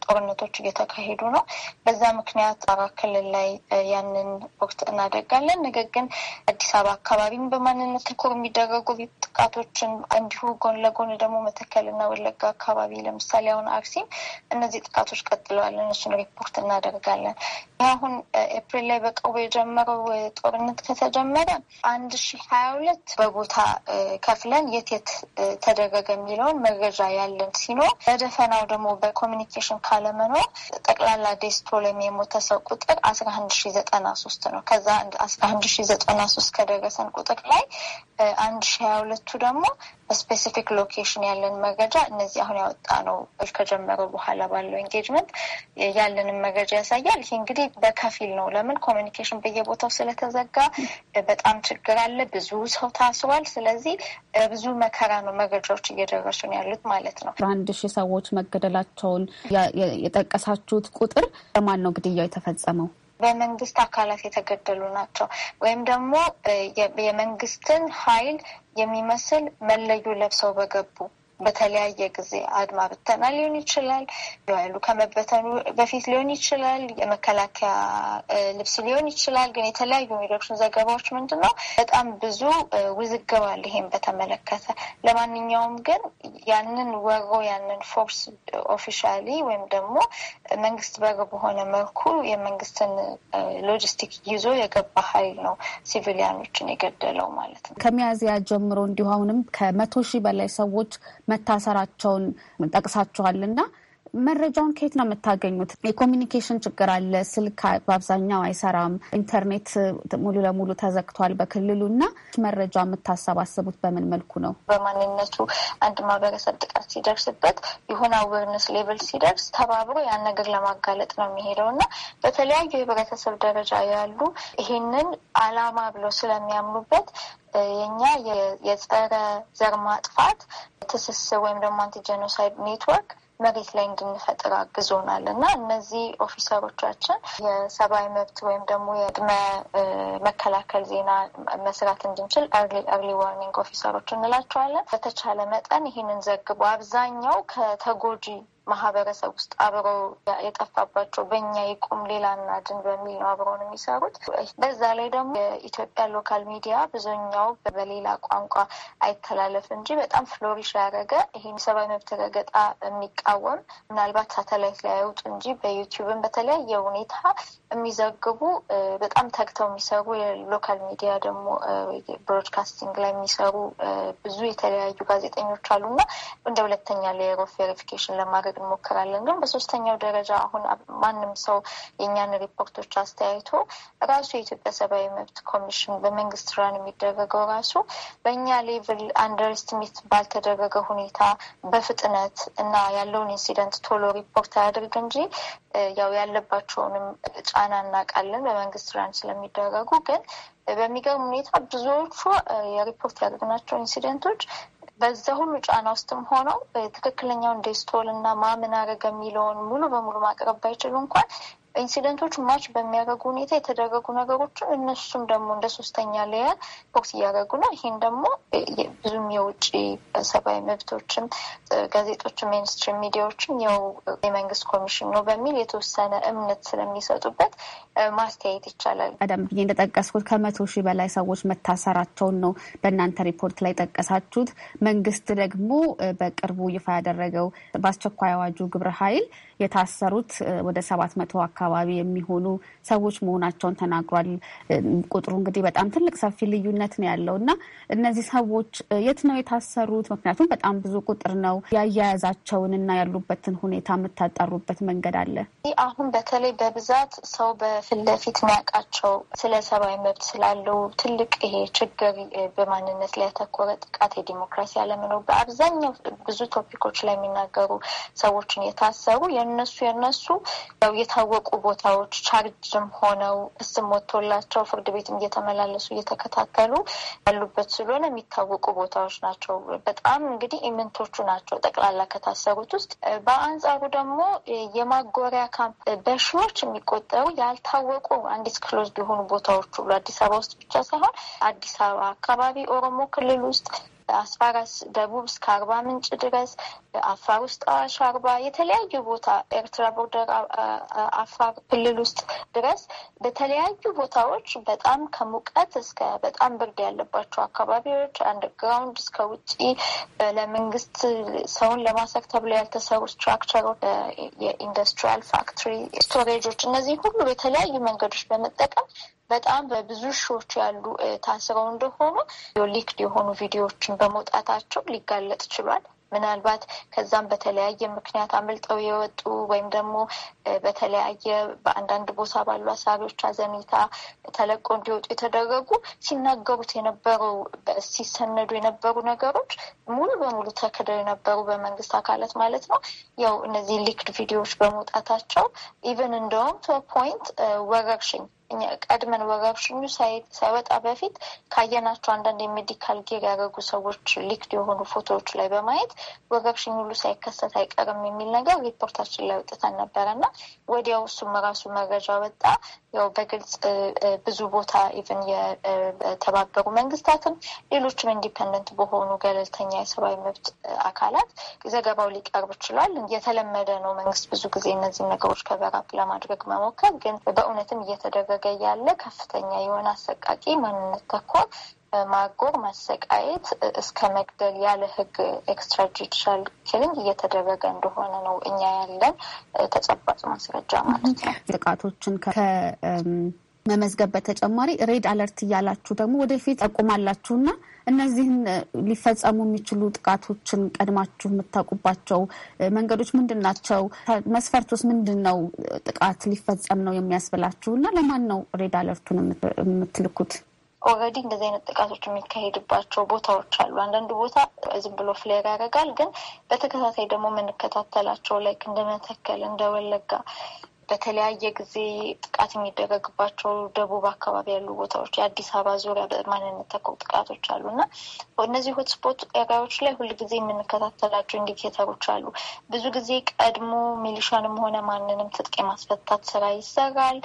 S3: ጦርነቶች እየተካሄዱ ነው። በዛ ምክንያት አራ ክልል ላይ ያንን ወቅት እናደርጋለን። ነገር ግን አዲስ አበባ አካባቢን በማንነት ተኮር የሚደረጉ ጥቃቶችን እንዲሁ ጎን ለጎን ደግሞ መተከልና ወለጋ አካባቢ ለምሳሌ አሁን አርሲም እነዚህ ጥቃቶች ቀጥለዋል። እነሱን ሪፖርት እናደርጋለን። ይህ አሁን ኤፕሪል ላይ በቅርቡ የጀመረው ጦርነት ከተጀመረ አንድ ሺ ሀያ ሁለት በቦታ ከፍለን የት የት ተደረገ የሚለውን መረጃ ያለን ሲኖር በደፈናው ደግሞ በኮሚኒኬሽን ካለመኖር ጠቅላላ ዴስቶሌም የሞተ ሰው ቁጥር አስራ አንድ ሺ ዘጠና ሶስት ነው። ከዛ አስራ አንድ ሺ ዘጠና ሶስት ከደረሰን ቁጥር ላይ አንድ ሺ ሀያ ሁለቱ ደግሞ በስፔሲፊክ ሎኬሽን ያለን መረጃ እነዚህ አሁን ያወጣ ነው ከጀመረ በኋላ ባለው ኤንጌጅመንት ያለንን መረጃ ያሳያል። ይሄ እንግዲህ በከፊል ነው። ለምን ኮሚኒኬሽን በየቦታው ስለተዘጋ በጣም ችግር አለ። ብዙ ሰው ታስሯል። ስለዚህ ብዙ መከራ ነው መረጃዎች እየደረሱ ያሉት ማለት ነው።
S2: አንድ ሺ ሰዎች መገደላቸውን የጠቀሳችሁት ቁጥር ለማን ነው ግድያው የተፈጸመው?
S3: በመንግስት አካላት የተገደሉ ናቸው ወይም ደግሞ የመንግስትን ኃይል የሚመስል መለዩ ለብሰው በገቡ በተለያየ ጊዜ አድማ ብተና ሊሆን ይችላል። ያሉ ከመበተኑ በፊት ሊሆን ይችላል። የመከላከያ ልብስ ሊሆን ይችላል። ግን የተለያዩ ሚዲያዎችን ዘገባዎች ምንድን ነው በጣም ብዙ ውዝግብ አለ ይሄን በተመለከተ። ለማንኛውም ግን ያንን ወሮ ያንን ፎርስ ኦፊሻሊ ወይም ደግሞ መንግስት በር በሆነ መልኩ የመንግስትን ሎጂስቲክ ይዞ የገባ ሀይል ነው ሲቪሊያኖችን የገደለው ማለት
S2: ነው። ከሚያዝያ ጀምሮ እንዲሁ አሁንም ከመቶ ሺህ በላይ ሰዎች መታሰራቸውን ጠቅሳችኋል እና መረጃውን ከየት ነው የምታገኙት? የኮሚኒኬሽን ችግር አለ፣ ስልክ በአብዛኛው አይሰራም፣ ኢንተርኔት ሙሉ ለሙሉ ተዘግቷል በክልሉ እና መረጃ የምታሰባስቡት በምን መልኩ ነው?
S3: በማንነቱ አንድ ማህበረሰብ ጥቃት ሲደርስበት የሆነ አዌርነስ ሌቭል ሲደርስ ተባብሮ ያን ነገር ለማጋለጥ ነው የሚሄደው እና በተለያዩ የህብረተሰብ ደረጃ ያሉ ይሄንን አላማ ብለው ስለሚያምኑበት የኛ የጸረ ዘር ማጥፋት ትስስር ወይም ደግሞ አንቲጀኖሳይድ ኔትወርክ መሬት ላይ እንድንፈጥር አግዞናል እና እነዚህ ኦፊሰሮቻችን የሰብአዊ መብት ወይም ደግሞ የቅድመ መከላከል ዜና መስራት እንድንችል አርሊ ዋርኒንግ ኦፊሰሮች እንላቸዋለን። በተቻለ መጠን ይህንን ዘግቦ አብዛኛው ከተጎጂ ማህበረሰብ ውስጥ አብረው የጠፋባቸው በእኛ ይቁም ሌላ እናድን በሚል ነው አብረውን የሚሰሩት። በዛ ላይ ደግሞ የኢትዮጵያ ሎካል ሚዲያ ብዙኛው በሌላ ቋንቋ አይተላለፍ እንጂ በጣም ፍሎሪሽ ያደረገ ይህን ሰብአዊ መብት ረገጣ የሚቃወም ምናልባት ሳተላይት ላይ ያውጡ እንጂ በዩቲዩብን በተለያየ ሁኔታ የሚዘግቡ በጣም ተግተው የሚሰሩ የሎካል ሚዲያ ደግሞ ብሮድካስቲንግ ላይ የሚሰሩ ብዙ የተለያዩ ጋዜጠኞች አሉና እንደ ሁለተኛ ሌየር ኦፍ ቬሪፊኬሽን ለማድረግ ለማድረግ እንሞክራለን። ግን በሶስተኛው ደረጃ አሁን ማንም ሰው የእኛን ሪፖርቶች አስተያይቶ ራሱ የኢትዮጵያ ሰብአዊ መብት ኮሚሽን በመንግስት ራን የሚደረገው ራሱ በእኛ ሌቭል አንደርስቲሜት ባልተደረገ ሁኔታ በፍጥነት እና ያለውን ኢንሲደንት ቶሎ ሪፖርት አያደርግ እንጂ ያው ያለባቸውንም ጫና እናውቃለን በመንግስት ራን ስለሚደረጉ ግን በሚገርም ሁኔታ ብዙዎቹ የሪፖርት ያደረግናቸው ኢንሲደንቶች በዛ ሁሉ ጫና ውስጥም ሆነው ትክክለኛውን ዴስቶል እና ማምን አረገ የሚለውን ሙሉ በሙሉ ማቅረብ ባይችሉ እንኳን ኢንሲደንቶቹ ማች በሚያደርጉ ሁኔታ የተደረጉ ነገሮች እነሱም ደግሞ እንደ ሶስተኛ ሌየር ቦክስ እያደረጉ ነው። ይህን ደግሞ ብዙም የውጭ ሰብአዊ መብቶችም ጋዜጦችም ሜንስትሪም ሚዲያዎችም ያው የመንግስት ኮሚሽን ነው በሚል የተወሰነ እምነት ስለሚሰጡበት ማስተያየት ይቻላል።
S2: ቀደም ብዬ እንደጠቀስኩት ከመቶ ሺህ በላይ ሰዎች መታሰራቸውን ነው በእናንተ ሪፖርት ላይ ጠቀሳችሁት። መንግስት ደግሞ በቅርቡ ይፋ ያደረገው በአስቸኳይ አዋጁ ግብረ ኃይል የታሰሩት ወደ ሰባት መቶ አካባቢ አካባቢ የሚሆኑ ሰዎች መሆናቸውን ተናግሯል። ቁጥሩ እንግዲህ በጣም ትልቅ ሰፊ ልዩነት ነው ያለው እና እነዚህ ሰዎች የት ነው የታሰሩት? ምክንያቱም በጣም ብዙ ቁጥር ነው። ያያያዛቸውን እና ያሉበትን ሁኔታ የምታጣሩበት መንገድ አለ?
S3: አሁን በተለይ በብዛት ሰው በፊት ለፊት የሚያውቃቸው ስለ ሰብአዊ መብት ስላለው ትልቅ ይሄ ችግር በማንነት ላይ ያተኮረ ጥቃት፣ የዲሞክራሲ አለመኖር በአብዛኛው ብዙ ቶፒኮች ላይ የሚናገሩ ሰዎችን የታሰሩ የነሱ የነሱ የታወቁ ቦታዎች ቻርጅም ሆነው እስም ወጥቶላቸው ፍርድ ቤትም እየተመላለሱ እየተከታተሉ ያሉበት ስለሆነ የሚታወቁ ቦታዎች ናቸው። በጣም እንግዲህ ኢምንቶቹ ናቸው ጠቅላላ ከታሰሩት ውስጥ። በአንጻሩ ደግሞ የማጎሪያ ካምፕ በሺዎች የሚቆጠሩ ያልታወቁ አንዲት ክሎዝ የሆኑ ቦታዎች ሁሉ አዲስ አበባ ውስጥ ብቻ ሳይሆን አዲስ አበባ አካባቢ ኦሮሞ ክልል ውስጥ አስፋራስ ደቡብ እስከ አርባ ምንጭ ድረስ አፋር ውስጥ አዋሽ አርባ የተለያዩ ቦታ ኤርትራ ቦርደር አፋር ክልል ውስጥ ድረስ በተለያዩ ቦታዎች በጣም ከሙቀት እስከ በጣም ብርድ ያለባቸው አካባቢዎች አንደርግራውንድ እስከ ውጪ ለመንግስት ሰውን ለማሰር ተብሎ ያልተሰሩ ስትራክቸሮች፣ የኢንዱስትሪያል ፋክትሪ ስቶሬጆች፣ እነዚህ ሁሉ የተለያዩ መንገዶች በመጠቀም በጣም በብዙ ሺዎች ያሉ ታስረው እንደሆኑ ሊክድ የሆኑ ቪዲዮዎችን በመውጣታቸው ሊጋለጥ ችሏል። ምናልባት ከዛም በተለያየ ምክንያት አምልጠው የወጡ ወይም ደግሞ በተለያየ በአንዳንድ ቦታ ባሉ አሳሪዎች አዘኔታ ተለቆ እንዲወጡ የተደረጉ ሲናገሩት የነበረው ሲሰነዱ የነበሩ ነገሮች ሙሉ በሙሉ ተክደው የነበሩ በመንግስት አካላት ማለት ነው። ያው እነዚህ ሊክድ ቪዲዮዎች በመውጣታቸው ኢቨን እንደውም ቶ ፖይንት ወረርሽኝ ቀድመን ወረርሽኙ ሳይወጣ በፊት ካየናቸው አንዳንድ የሜዲካል ጌር ያደረጉ ሰዎች ሊክድ የሆኑ ፎቶዎች ላይ በማየት ወረርሽኝ ሁሉ ሳይከሰት አይቀርም የሚል ነገር ሪፖርታችን ላይ ወጥተን ነበረ እና ወዲያው እሱም ራሱ መረጃ ወጣ። ያው በግልጽ ብዙ ቦታ ኢቨን የተባበሩ መንግስታትም ሌሎችም ኢንዲፐንደንት በሆኑ ገለልተኛ የሰብአዊ መብት አካላት ዘገባው ሊቀርብ ይችላል። የተለመደ ነው። መንግስት ብዙ ጊዜ እነዚህ ነገሮች ከበራፍ ለማድረግ መሞከር ግን በእውነትም እየተደረገ ያለ ከፍተኛ የሆነ አሰቃቂ ማንነት ተኮር ማጎር፣ ማሰቃየት እስከ መግደል ያለ ህግ ኤክስትራ ጁዲሻል ኪሊንግ እየተደረገ እንደሆነ ነው እኛ ያለን ተጨባጭ ማስረጃ
S2: ማለት ነው። ጥቃቶችን ከመመዝገብ በተጨማሪ ሬድ አለርት እያላችሁ ደግሞ ወደፊት እና እነዚህን ሊፈጸሙ የሚችሉ ጥቃቶችን ቀድማችሁ የምታውቁባቸው መንገዶች ምንድን ናቸው? ውስጥ ምንድን ነው? ጥቃት ሊፈጸም ነው የሚያስብላችሁ እና ለማን ነው ሬድ አለርቱን የምትልኩት?
S3: ኦልሬዲ እንደዚህ አይነት ጥቃቶች የሚካሄድባቸው ቦታዎች አሉ። አንዳንዱ ቦታ ዝም ብሎ ፍሌር ያደርጋል። ግን በተከታታይ ደግሞ የምንከታተላቸው ላይ እንደመተከል እንደወለጋ በተለያየ ጊዜ ጥቃት የሚደረግባቸው ደቡብ አካባቢ ያሉ ቦታዎች የአዲስ አበባ ዙሪያ በማንነት ተኮር ጥቃቶች አሉ እና እነዚህ ሆትስፖት ኤሪያዎች ላይ ሁል ጊዜ የምንከታተላቸው ኢንዲኬተሮች አሉ። ብዙ ጊዜ ቀድሞ ሚሊሻንም ሆነ ማንንም ትጥቅ የማስፈታት ስራ ይሰራል።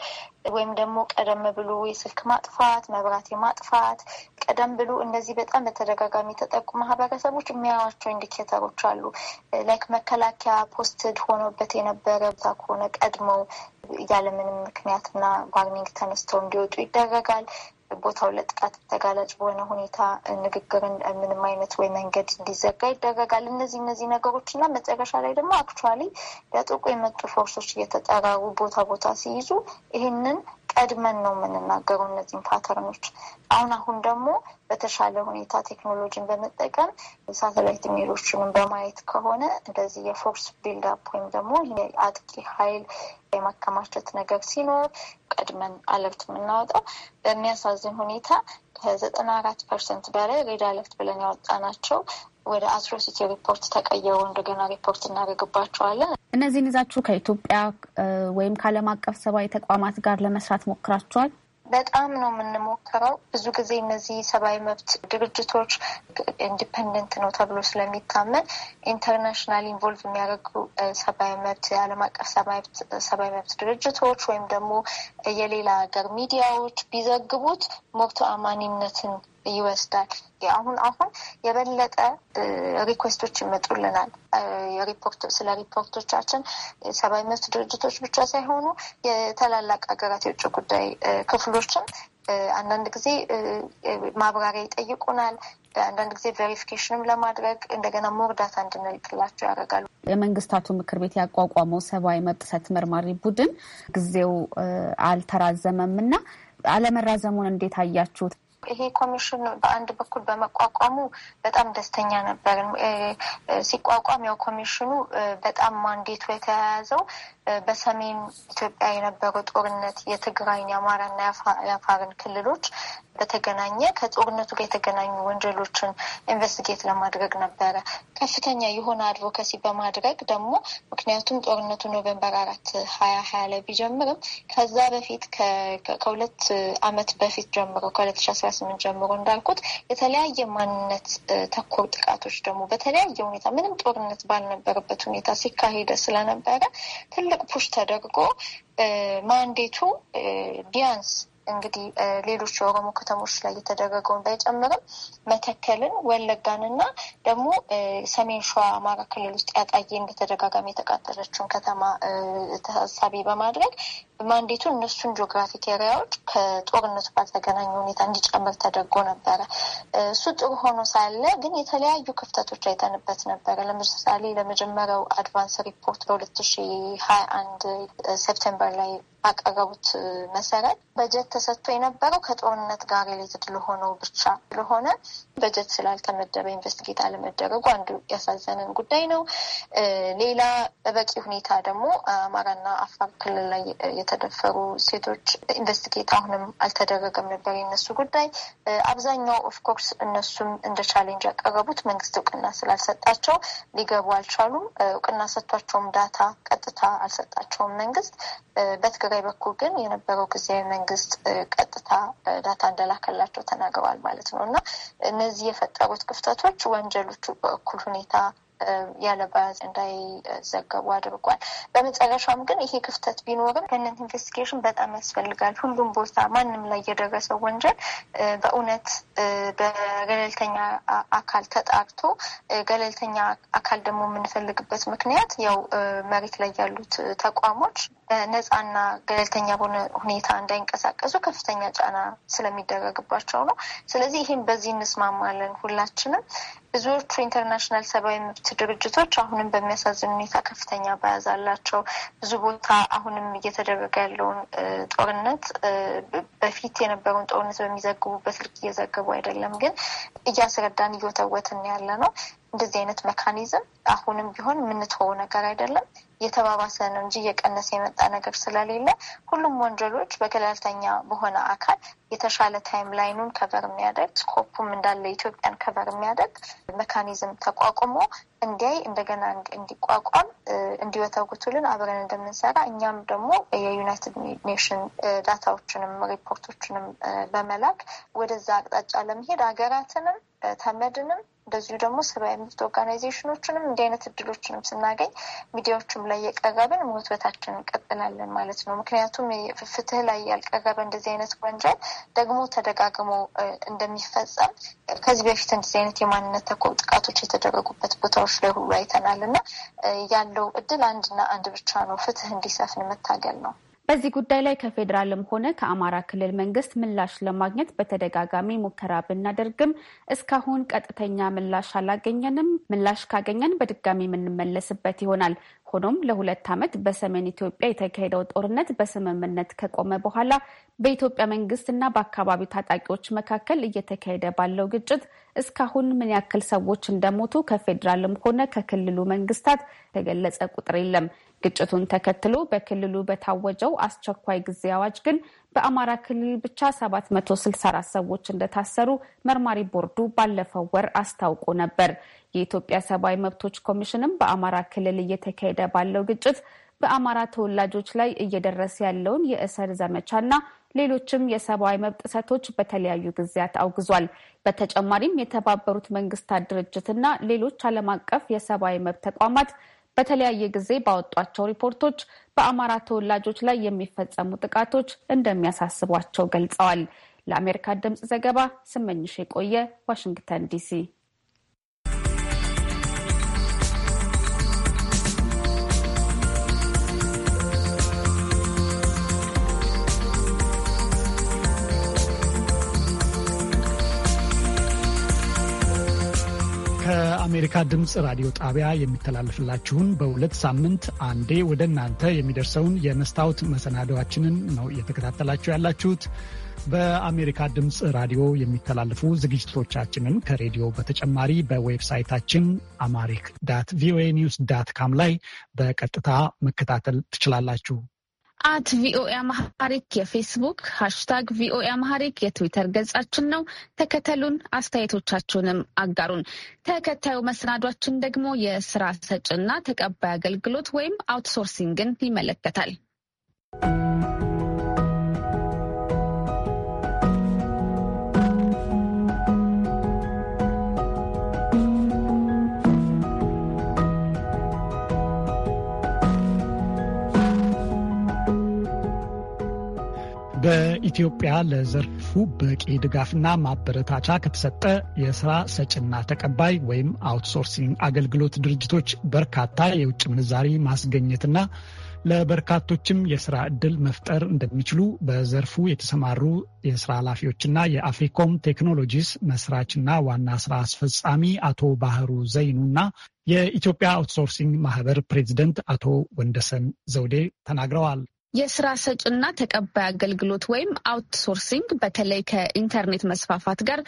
S3: ወይም ደግሞ ቀደም ብሎ የስልክ ማጥፋት፣ መብራት የማጥፋት ቀደም ብሎ እንደዚህ በጣም በተደጋጋሚ የተጠቁ ማህበረሰቦች የሚያዩዋቸው ኢንዲኬተሮች አሉ። ላይክ መከላከያ ፖስትድ ሆኖበት የነበረ ቦታ ከሆነ ቀድመው ያለምንም ምክንያትና ዋርኒንግ ተነስተው እንዲወጡ ይደረጋል። ቦታው ለጥቃት ተጋላጭ በሆነ ሁኔታ ንግግርን ምንም አይነት ወይ መንገድ እንዲዘጋ ይደረጋል። እነዚህ እነዚህ ነገሮች እና መጨረሻ ላይ ደግሞ አክቹዋሊ ሊያጠቁ የመጡ ፎርሶች እየተጠራሩ ቦታ ቦታ ሲይዙ ይህንን ቀድመን ነው የምንናገረው እነዚህን ፓተርኖች። አሁን አሁን ደግሞ በተሻለ ሁኔታ ቴክኖሎጂን በመጠቀም ሳተላይት ሜሎችንም በማየት ከሆነ እንደዚህ የፎርስ ቢልድ አፕ ወይም ደግሞ የአጥቂ ኃይል የማከማቸት ነገር ሲኖር ቀድመን አለርት የምናወጣው በሚያሳዝን ሁኔታ ከዘጠና አራት ፐርሰንት በላይ ሬድ አለርት ብለን ያወጣናቸው ወደ አትሮሲቲ ሪፖርት ተቀየሩ እንደገና ሪፖርት እናደርግባቸዋለን።
S2: እነዚህን ይዛችሁ ከኢትዮጵያ ወይም ከዓለም አቀፍ ሰብአዊ ተቋማት ጋር ለመስራት ሞክራችኋል?
S3: በጣም ነው የምንሞክረው። ብዙ ጊዜ እነዚህ ሰብአዊ መብት ድርጅቶች ኢንዲፐንደንት ነው ተብሎ ስለሚታመን ኢንተርናሽናል ኢንቮልቭ የሚያደርጉ ሰብአዊ መብት የዓለም አቀፍ ሰብአዊ መብት ድርጅቶች ወይም ደግሞ የሌላ ሀገር ሚዲያዎች ቢዘግቡት ሞብቶ አማኒነትን ይወስዳል። አሁን አሁን የበለጠ ሪኩዌስቶች ይመጡልናል። የሪፖርት ስለ ሪፖርቶቻችን ሰብአዊ መብት ድርጅቶች ብቻ ሳይሆኑ የታላላቅ ሀገራት የውጭ ጉዳይ ክፍሎችም አንዳንድ ጊዜ ማብራሪያ ይጠይቁናል። አንዳንድ ጊዜ ቬሪፊኬሽንም ለማድረግ እንደገና መርዳታ እንድንልክላቸው
S2: ያደርጋሉ። የመንግስታቱ ምክር ቤት ያቋቋመው ሰብአዊ መብት ጥሰት መርማሪ ቡድን ጊዜው አልተራዘመም እና አለመራዘሙን እንዴት አያችሁት?
S3: ይሄ ኮሚሽን በአንድ በኩል በመቋቋሙ በጣም ደስተኛ ነበር። ሲቋቋም ያው ኮሚሽኑ በጣም ማንዴቱ የተያያዘው በሰሜን ኢትዮጵያ የነበረው ጦርነት የትግራይን፣ የአማራና የአፋርን ክልሎች በተገናኘ ከጦርነቱ ጋር የተገናኙ ወንጀሎችን ኢንቨስቲጌት ለማድረግ ነበረ። ከፍተኛ የሆነ አድቮካሲ በማድረግ ደግሞ ምክንያቱም ጦርነቱ ኖቨምበር አራት ሀያ ሀያ ላይ ቢጀምርም ከዛ በፊት ከሁለት አመት በፊት ጀምሮ ከሁለት ሺ አስራ ስምንት ጀምሮ እንዳልኩት የተለያየ ማንነት ተኮር ጥቃቶች ደግሞ በተለያየ ሁኔታ ምንም ጦርነት ባልነበረበት ሁኔታ ሲካሄደ ስለነበረ ትልቅ ፑሽ ተደርጎ ማንዴቱ ቢያንስ እንግዲህ ሌሎች የኦሮሞ ከተሞች ላይ የተደረገውን ባይጨምርም መተከልን፣ ወለጋን እና ደግሞ ሰሜን ሸዋ አማራ ክልል ውስጥ ያጣዬን በተደጋጋሚ የተቃጠለችውን ከተማ ታሳቢ በማድረግ ማንዴቱ እነሱን ጂኦግራፊክ ኤሪያዎች ከጦርነቱ ባልተገናኘ ሁኔታ እንዲጨምር ተደርጎ ነበረ። እሱ ጥሩ ሆኖ ሳለ ግን የተለያዩ ክፍተቶች አይተንበት ነበረ። ለምሳሌ ለመጀመሪያው አድቫንስ ሪፖርት በሁለት ሺ ሀያ አንድ ሴፕቴምበር ላይ ባቀረቡት መሰረት በጀት ተሰጥቶ የነበረው ከጦርነት ጋር ሪሌትድ ለሆነው ብቻ ስለሆነ በጀት ስላልተመደበ ኢንቨስቲጌት አለመደረጉ አንዱ ያሳዘነን ጉዳይ ነው። ሌላ በበቂ ሁኔታ ደግሞ አማራና አፋር ክልል ላይ የተደፈሩ ሴቶች ኢንቨስቲጌት አሁንም አልተደረገም ነበር የነሱ ጉዳይ። አብዛኛው ኦፍኮርስ እነሱም እንደ ቻሌንጅ ያቀረቡት መንግስት እውቅና ስላልሰጣቸው ሊገቡ አልቻሉም። እውቅና ሰጥቷቸውም ዳታ ቀጥታ አልሰጣቸውም መንግስት በትግ በትግራይ በኩል ግን የነበረው ጊዜያዊ መንግስት ቀጥታ ዳታ እንደላከላቸው ተናግረዋል ማለት ነው እና እነዚህ የፈጠሩት ክፍተቶች ወንጀሎቹ በእኩል ሁኔታ ያለ ባያዝ እንዳይዘገቡ አድርጓል። በመጨረሻም ግን ይሄ ክፍተት ቢኖርም ገነት ኢንቨስቲጌሽን በጣም ያስፈልጋል። ሁሉም ቦታ ማንም ላይ የደረሰው ወንጀል በእውነት በገለልተኛ አካል ተጣርቶ ገለልተኛ አካል ደግሞ የምንፈልግበት ምክንያት ያው መሬት ላይ ያሉት ተቋሞች ነፃና ገለልተኛ በሆነ ሁኔታ እንዳይንቀሳቀሱ ከፍተኛ ጫና ስለሚደረግባቸው ነው። ስለዚህ ይህም በዚህ እንስማማለን ሁላችንም። ብዙዎቹ ኢንተርናሽናል ሰብአዊ መብት ድርጅቶች አሁንም በሚያሳዝን ሁኔታ ከፍተኛ በያዝ አላቸው። ብዙ ቦታ አሁንም እየተደረገ ያለውን ጦርነት በፊት የነበረውን ጦርነት በሚዘግቡበት ልክ እየዘገቡ አይደለም፣ ግን እያስረዳን እየወተወትን ያለ ነው። እንደዚህ አይነት መካኒዝም አሁንም ቢሆን የምንተወው ነገር አይደለም። የተባባሰ ነው እንጂ እየቀነሰ የመጣ ነገር ስለሌለ ሁሉም ወንጀሎች በገለልተኛ በሆነ አካል የተሻለ ታይም ላይኑን ከበር የሚያደርግ ስኮፑም እንዳለ ኢትዮጵያን ከበር የሚያደርግ መካኒዝም ተቋቁሞ እንዲያይ እንደገና እንዲቋቋም እንዲወተጉትልን አብረን እንደምንሰራ እኛም ደግሞ የዩናይትድ ኔሽን ዳታዎችንም ሪፖርቶችንም በመላክ ወደዛ አቅጣጫ ለመሄድ ሀገራትንም ተመድንም እንደዚሁ ደግሞ ሰብአዊ መብት ኦርጋናይዜሽኖችንም እንዲህ አይነት እድሎችንም ስናገኝ ሚዲያዎችም ላይ የቀረብን ሞትበታችን እንቀጥላለን ማለት ነው። ምክንያቱም ፍትህ ላይ ያልቀረበ እንደዚህ አይነት ወንጀል ደግሞ ተደጋግሞ እንደሚፈጸም ከዚህ በፊት እንደዚህ አይነት የማንነት ተኮር ጥቃቶች የተደረጉበት ቦታዎች ላይ ሁሉ አይተናል እና ያለው እድል አንድና አንድ ብቻ ነው፣ ፍትህ እንዲሰፍን መታገል ነው።
S2: በዚህ ጉዳይ ላይ ከፌዴራልም ሆነ ከአማራ ክልል መንግስት ምላሽ ለማግኘት በተደጋጋሚ ሙከራ ብናደርግም እስካሁን ቀጥተኛ ምላሽ አላገኘንም። ምላሽ ካገኘን በድጋሚ የምንመለስበት ይሆናል። ሆኖም ለሁለት ዓመት በሰሜን ኢትዮጵያ የተካሄደው ጦርነት በስምምነት ከቆመ በኋላ በኢትዮጵያ መንግስትና በአካባቢው ታጣቂዎች መካከል እየተካሄደ ባለው ግጭት እስካሁን ምን ያክል ሰዎች እንደሞቱ ከፌዴራልም ሆነ ከክልሉ መንግስታት የተገለጸ ቁጥር የለም። ግጭቱን ተከትሎ በክልሉ በታወጀው አስቸኳይ ጊዜ አዋጅ ግን በአማራ ክልል ብቻ 764 ሰዎች እንደታሰሩ መርማሪ ቦርዱ ባለፈው ወር አስታውቆ ነበር። የኢትዮጵያ ሰብአዊ መብቶች ኮሚሽንም በአማራ ክልል እየተካሄደ ባለው ግጭት በአማራ ተወላጆች ላይ እየደረሰ ያለውን የእስር ዘመቻና ሌሎችም የሰብአዊ መብት ጥሰቶች በተለያዩ ጊዜያት አውግዟል። በተጨማሪም የተባበሩት መንግስታት ድርጅትና ሌሎች ዓለም አቀፍ የሰብአዊ መብት ተቋማት በተለያየ ጊዜ ባወጧቸው ሪፖርቶች በአማራ ተወላጆች ላይ የሚፈጸሙ ጥቃቶች እንደሚያሳስቧቸው ገልጸዋል። ለአሜሪካ ድምፅ ዘገባ ስመኝሽ የቆየ ዋሽንግተን ዲሲ።
S1: ከአሜሪካ ድምፅ ራዲዮ ጣቢያ የሚተላለፍላችሁን በሁለት ሳምንት አንዴ ወደ እናንተ የሚደርሰውን የመስታወት መሰናዶዋችንን ነው እየተከታተላችሁ ያላችሁት። በአሜሪካ ድምፅ ራዲዮ የሚተላለፉ ዝግጅቶቻችንን ከሬዲዮ በተጨማሪ በዌብሳይታችን አማሪክ ዳት ቪኦኤ ኒውስ ዳት ካም ላይ በቀጥታ መከታተል ትችላላችሁ።
S2: አት ቪኦኤ አማሐሪክ የፌስቡክ ሃሽታግ ቪኦኤ አማሐሪክ የትዊተር ገጻችን ነው። ተከተሉን፣ አስተያየቶቻችሁንም አጋሩን። ተከታዩ መሰናዷችን ደግሞ የስራ ሰጪና ተቀባይ አገልግሎት ወይም አውትሶርሲንግን ይመለከታል።
S1: በኢትዮጵያ ለዘርፉ በቂ ድጋፍና ማበረታቻ ከተሰጠ የስራ ሰጭና ተቀባይ ወይም አውትሶርሲንግ አገልግሎት ድርጅቶች በርካታ የውጭ ምንዛሪ ማስገኘትና ለበርካቶችም የስራ እድል መፍጠር እንደሚችሉ በዘርፉ የተሰማሩ የስራ ኃላፊዎችና የአፍሪኮም ቴክኖሎጂስ መስራችና ዋና ስራ አስፈጻሚ አቶ ባህሩ ዘይኑና የኢትዮጵያ አውትሶርሲንግ ማህበር ፕሬዚደንት አቶ ወንደሰን ዘውዴ ተናግረዋል።
S2: የስራ ሰጭና ተቀባይ አገልግሎት ወይም አውትሶርሲንግ በተለይ ከኢንተርኔት መስፋፋት ጋር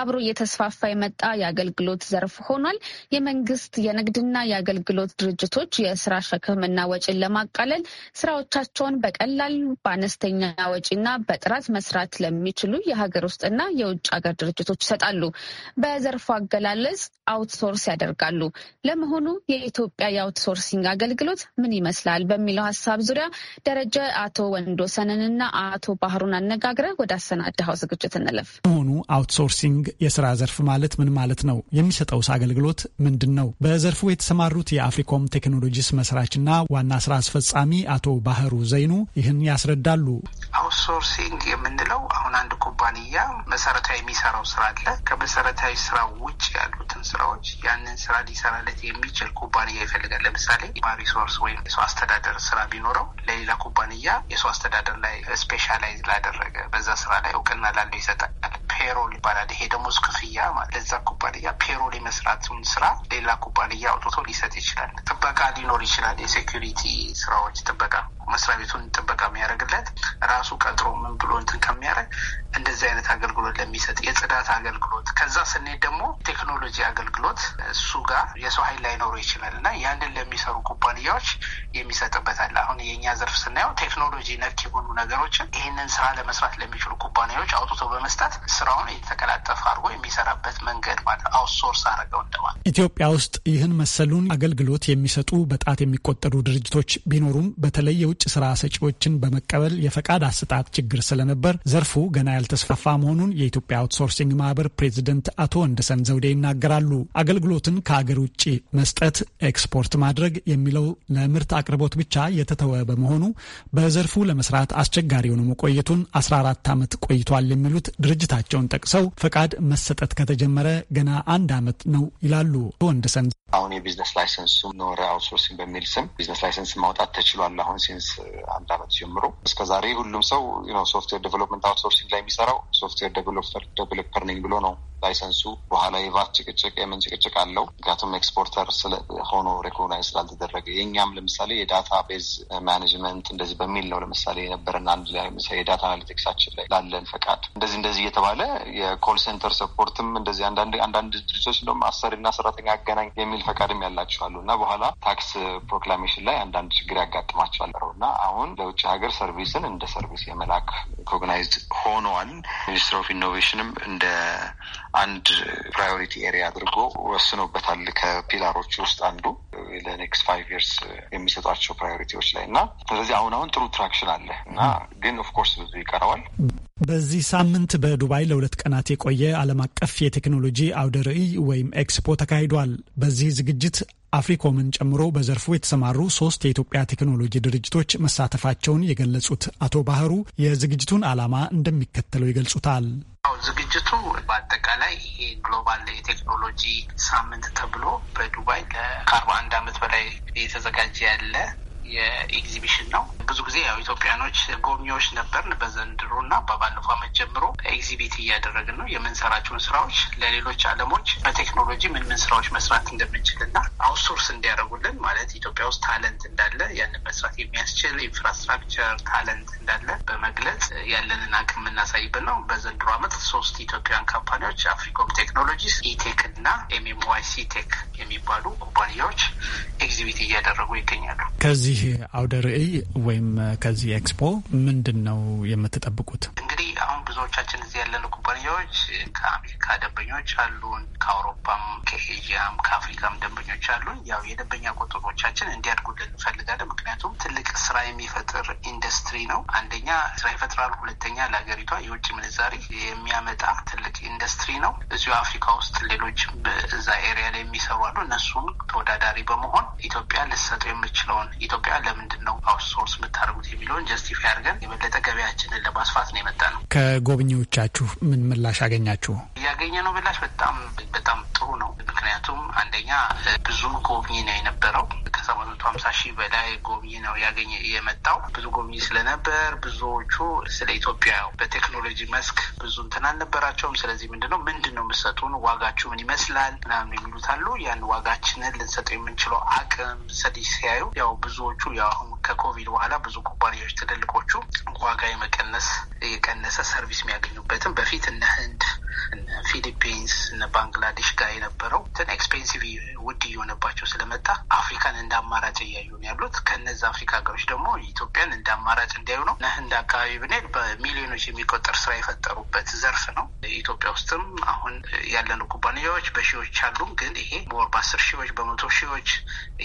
S2: አብሮ እየተስፋፋ የመጣ የአገልግሎት ዘርፍ ሆኗል። የመንግስት የንግድና የአገልግሎት ድርጅቶች የስራ ሸክምና ወጪን ለማቃለል ስራዎቻቸውን በቀላል በአነስተኛ ወጪና በጥራት መስራት ለሚችሉ የሀገር ውስጥና የውጭ ሀገር ድርጅቶች ይሰጣሉ። በዘርፉ አገላለጽ አውትሶርስ ያደርጋሉ። ለመሆኑ የኢትዮጵያ የአውትሶርሲንግ አገልግሎት ምን ይመስላል በሚለው ሀሳብ ዙሪያ ደረጀ አቶ ወንዶሰንንና አቶ ባህሩን አነጋግረ ወደ አሰናድኸው ዝግጅት እንለፍ።
S1: መሆኑ አውትሶርሲንግ የስራ ዘርፍ ማለት ምን ማለት ነው? የሚሰጠውስ አገልግሎት ምንድን ነው? በዘርፉ የተሰማሩት የአፍሪኮም ቴክኖሎጂስ መስራችና ዋና ስራ አስፈጻሚ አቶ ባህሩ ዘይኑ ይህን ያስረዳሉ።
S4: አውትሶርሲንግ የምንለው አሁን አንድ ኩባንያ መሰረታዊ የሚሰራው ስራ አለ። ከመሰረታዊ ስራ ውጭ ያሉትን ስራዎች ያንን ስራ ሊሰራለት የሚችል ኩባንያ ይፈልጋል። ለምሳሌ ሪሶርስ ወይም የሰው አስተዳደር ስራ ቢኖረው ለሌላ ኩባንያ የሰው አስተዳደር ላይ ስፔሻላይዝ ላደረገ በዛ ስራ ላይ እውቅና ላለው ይሰጣል። ፔሮል ይባላል። ይሄ ደሞዝ ክፍያ ማለት ለዛ ኩባንያ ፔሮል የመስራቱን ስራ ሌላ ኩባንያ አውጥቶ ሊሰጥ ይችላል። ጥበቃ ሊኖር ይችላል። የሴኪሪቲ ስራዎች ጥበቃ መስሪያ ቤቱን ጥበቃ የሚያደርግለት ራሱ ቀጥሮ ምን ብሎ እንትን ከሚያደርግ እንደዚህ አይነት አገልግሎት ለሚሰጥ የጽዳት አገልግሎት ከዛ ስኔት ደግሞ ቴክኖሎጂ አገልግሎት አገልግሎት እሱ ጋር የሰው ኃይል ላይኖሩ ይችላል እና ያንን ለሚሰሩ ኩባንያዎች የሚሰጥበታል። አሁን የእኛ ዘርፍ ስናየው ቴክኖሎጂ ነክ የሆኑ ነገሮችን ይህንን ስራ ለመስራት ለሚችሉ ኩባንያዎች አውጥቶ በመስጠት
S1: ስራውን የተቀላጠፈ አድርጎ የሚሰራበት መንገድ ማለት አውትሶርስ አረገው እንደማለት። ኢትዮጵያ ውስጥ ይህን መሰሉን አገልግሎት የሚሰጡ በጣት የሚቆጠሩ ድርጅቶች ቢኖሩም በተለይ የውጭ ስራ ሰጪዎችን በመቀበል የፈቃድ አሰጣጥ ችግር ስለነበር ዘርፉ ገና ያልተስፋፋ መሆኑን የኢትዮጵያ አውትሶርሲንግ ማህበር ፕሬዚደንት አቶ ወንደሰን ዘውዴ ይናገራሉ። ይችላሉ። አገልግሎትን ከሀገር ውጭ መስጠት፣ ኤክስፖርት ማድረግ የሚለው ለምርት አቅርቦት ብቻ የተተወ በመሆኑ በዘርፉ ለመስራት አስቸጋሪ ሆኖ መቆየቱን 14 ዓመት ቆይቷል የሚሉት ድርጅታቸውን ጠቅሰው ፈቃድ መሰጠት ከተጀመረ ገና አንድ ዓመት ነው ይላሉ ወንድሰን
S7: አሁን የቢዝነስ ላይሰንሱ ኖረ አውትሶርሲንግ በሚል ስም ቢዝነስ ላይሰንስ ማውጣት ተችሏል። አሁን ሲንስ uh, አንድ አመት ጀምሮ እስከ ዛሬ ሁሉም ሰው ሶፍትዌር ዴቨሎፕመንት አውትሶርሲንግ ላይ የሚሰራው ሶፍትዌር ዴቨሎፐር ነኝ ብሎ ነው ላይሰንሱ። በኋላ የቫት ጭቅጭቅ የምን ጭቅጭቅ አለው። ምክንያቱም ኤክስፖርተር ሆኖ ሬኮግናይዝ ስላልተደረገ የእኛም ለምሳሌ የዳታ ቤዝ ማኔጅመንት እንደዚህ በሚል ነው ለምሳሌ የነበረና አንድ ላይ የዳታ አናሊቲክሳችን ላይ ላለን ፈቃድ እንደዚህ እንደዚህ እየተባለ የኮል ሴንተር ሰፖርትም እንደዚህ አንዳንድ ድርጅቶች እንደውም አሰሪና ሰራተኛ አገናኝ የሚል የሚል ፈቃድም ያላቸው አሉ እና በኋላ ታክስ ፕሮክላሜሽን ላይ አንዳንድ ችግር ያጋጥማቸዋል እና አሁን ለውጭ ሀገር ሰርቪስን እንደ ሰርቪስ የመላክ ሪኮግናይዝድ ሆነዋል። ሚኒስትር ኦፍ ኢኖቬሽንም እንደ አንድ ፕራዮሪቲ ኤሪያ አድርጎ ወስኖበታል። ከፒላሮች ውስጥ አንዱ ለኔክስት ፋይቭ ይርስ የሚሰጧቸው ፕራዮሪቲዎች ላይ እና ስለዚህ አሁን አሁን ጥሩ ትራክሽን አለ እና ግን ኦፍኮርስ ብዙ ይቀረዋል።
S1: በዚህ ሳምንት በዱባይ ለሁለት ቀናት የቆየ ዓለም አቀፍ የቴክኖሎጂ አውደ ርዕይ ወይም ኤክስፖ ተካሂዷል። በዚህ ዝግጅት አፍሪኮምን ጨምሮ በዘርፉ የተሰማሩ ሶስት የኢትዮጵያ ቴክኖሎጂ ድርጅቶች መሳተፋቸውን የገለጹት አቶ ባህሩ የዝግጅቱን ዓላማ እንደሚከተለው ይገልጹታል።
S4: ዝግጅቱ በአጠቃላይ የግሎባል የቴክኖሎጂ ሳምንት ተብሎ በዱባይ ከአርባ አንድ ዓመት በላይ እየተዘጋጀ ያለ የኤግዚቢሽን ነው። ብዙ ጊዜ ያው ኢትዮጵያኖች ጎብኚዎች ነበርን። በዘንድሮ እና በባለፈው ዓመት ጀምሮ ኤግዚቢት እያደረግን ነው። የምንሰራቸውን ስራዎች ለሌሎች ዓለሞች በቴክኖሎጂ ምን ምን ስራዎች መስራት እንደምንችል እና አውትሶርስ እንዲያደርጉልን ኢትዮጵያ ውስጥ ታለንት እንዳለ ያንን መስራት የሚያስችል ኢንፍራስትራክቸር ታለንት እንዳለ በመግለጽ ያለንን አቅም የምናሳይበት ነው። በዘንድሮ ዓመት ሶስት ኢትዮጵያውያን ካምፓኒዎች አፍሪኮም ቴክኖሎጂስ፣ ኢቴክ እና ኤምኤምዋይሲ ቴክ የሚባሉ ኩባንያዎች ኤግዚቢት እያደረጉ ይገኛሉ።
S1: ከዚህ አውደ ርዕይ ወይም ከዚህ ኤክስፖ ምንድን ነው የምትጠብቁት? አሁን ብዙዎቻችን እዚህ ያለን ኩባንያዎች ከአሜሪካ
S4: ደንበኞች አሉን፣ ከአውሮፓም፣ ከኤዥያም፣ ከአፍሪካም ደንበኞች አሉን። ያው የደንበኛ ቁጥሮቻችን እንዲያድጉልን እንፈልጋለን። ምክንያቱም ትልቅ ስራ የሚፈጥር ኢንዱስትሪ ነው። አንደኛ ስራ ይፈጥራሉ፣ ሁለተኛ ለሀገሪቷ የውጭ ምንዛሪ የሚያመጣ ትልቅ ኢንዱስትሪ ነው። እዚሁ አፍሪካ ውስጥ ሌሎችም በዛ ኤሪያ ላይ የሚሰሩ አሉ። እነሱም ተወዳዳሪ በመሆን ኢትዮጵያ ልሰጠው የምችለውን ኢትዮጵያ ለምንድን ነው አውትሶርስ የምታደርጉት የሚለውን ጀስቲፋይ አድርገን የበለጠ ገበያችንን ለማስፋት ነው የመጣ ነው።
S1: ከጎብኚዎቻችሁ ምን ምላሽ አገኛችሁ?
S4: ያገኘ ነው ምላሽ በጣም በጣም ጥሩ ነው። ምክንያቱም አንደኛ ብዙ ጎብኚ ነው የነበረው ከሰባት መቶ ሀምሳ ሺህ በላይ ጎብኚ ነው ያገኘ የመጣው ብዙ ጎብኚ ስለነበር ብዙዎቹ ስለ ኢትዮጵያ በቴክኖሎጂ መስክ ብዙ እንትን አልነበራቸውም። ስለዚህ ነው ምንድን ነው የምትሰጡን ዋጋችሁ ምን ይመስላል ምናምን የሚሉት አሉ። ያን ዋጋችንን ልንሰጠው የምንችለው አቅም ሰዲ ሲያዩ ያው ብዙዎቹ ያው አሁን ከኮቪድ በኋላ ብዙ ኩባንያዎች ትልልቆቹ ዋጋ የመቀነስ የቀነሰ የአክሰስ ሰርቪስ የሚያገኙበትም በፊት እነ ህንድ፣ ፊሊፒንስ፣ እነ ባንግላዴሽ ጋር የነበረው ትን ኤክስፔንሲቭ ውድ እየሆነባቸው ስለመጣ አፍሪካን እንደ አማራጭ እያዩ ነው ያሉት። ከነዚ አፍሪካ ሀገሮች ደግሞ ኢትዮጵያን እንደ አማራጭ እንዲያዩ ነው። ህንድ አካባቢ ብንሄድ በሚሊዮኖች የሚቆጠር ስራ የፈጠሩበት ዘርፍ ነው። ኢትዮጵያ ውስጥም አሁን ያለን ኩባንያዎች በሺዎች አሉ። ግን ይሄ በወር በአስር ሺዎች በመቶ ሺዎች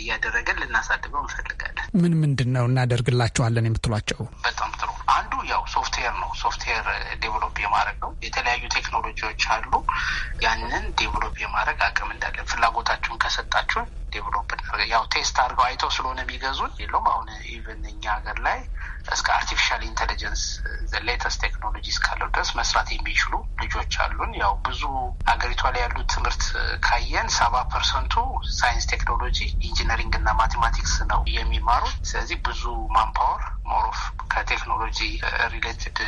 S4: እያደረገን ልናሳድገው እንፈልጋለን።
S1: ምን ምንድን ነው እናደርግላቸዋለን የምትሏቸው?
S4: በጣም ጥሩ አንዱ ያው ሶፍትዌር ነው። ሶፍትዌር ዴቨሎፕ የማድረግ ነው። የተለያዩ ቴክኖሎጂዎች አሉ። ያንን ዴቨሎፕ የማድረግ አቅም እንዳለን ፍላጎታችሁን ከሰጣችሁ ዴቨሎፕ ያው ቴስት አድርገው አይተው ስለሆነ የሚገዙን የለውም። አሁን ኢቨን እኛ ሀገር ላይ እስከ አርቲፊሻል ኢንቴሊጀንስ ዘሌተስ ቴክኖሎጂ እስካለው ድረስ መስራት የሚችሉ ልጆች አሉን። ያው ብዙ ሀገሪቷ ላይ ያሉት ትምህርት ካየን ሰባ ፐርሰንቱ ሳይንስ፣ ቴክኖሎጂ፣ ኢንጂነሪንግ እና ማቴማቲክስ ነው የሚማሩት። ስለዚህ ብዙ ማንፓወር ሞሮፍ ከቴክኖሎጂ ሪሌትድ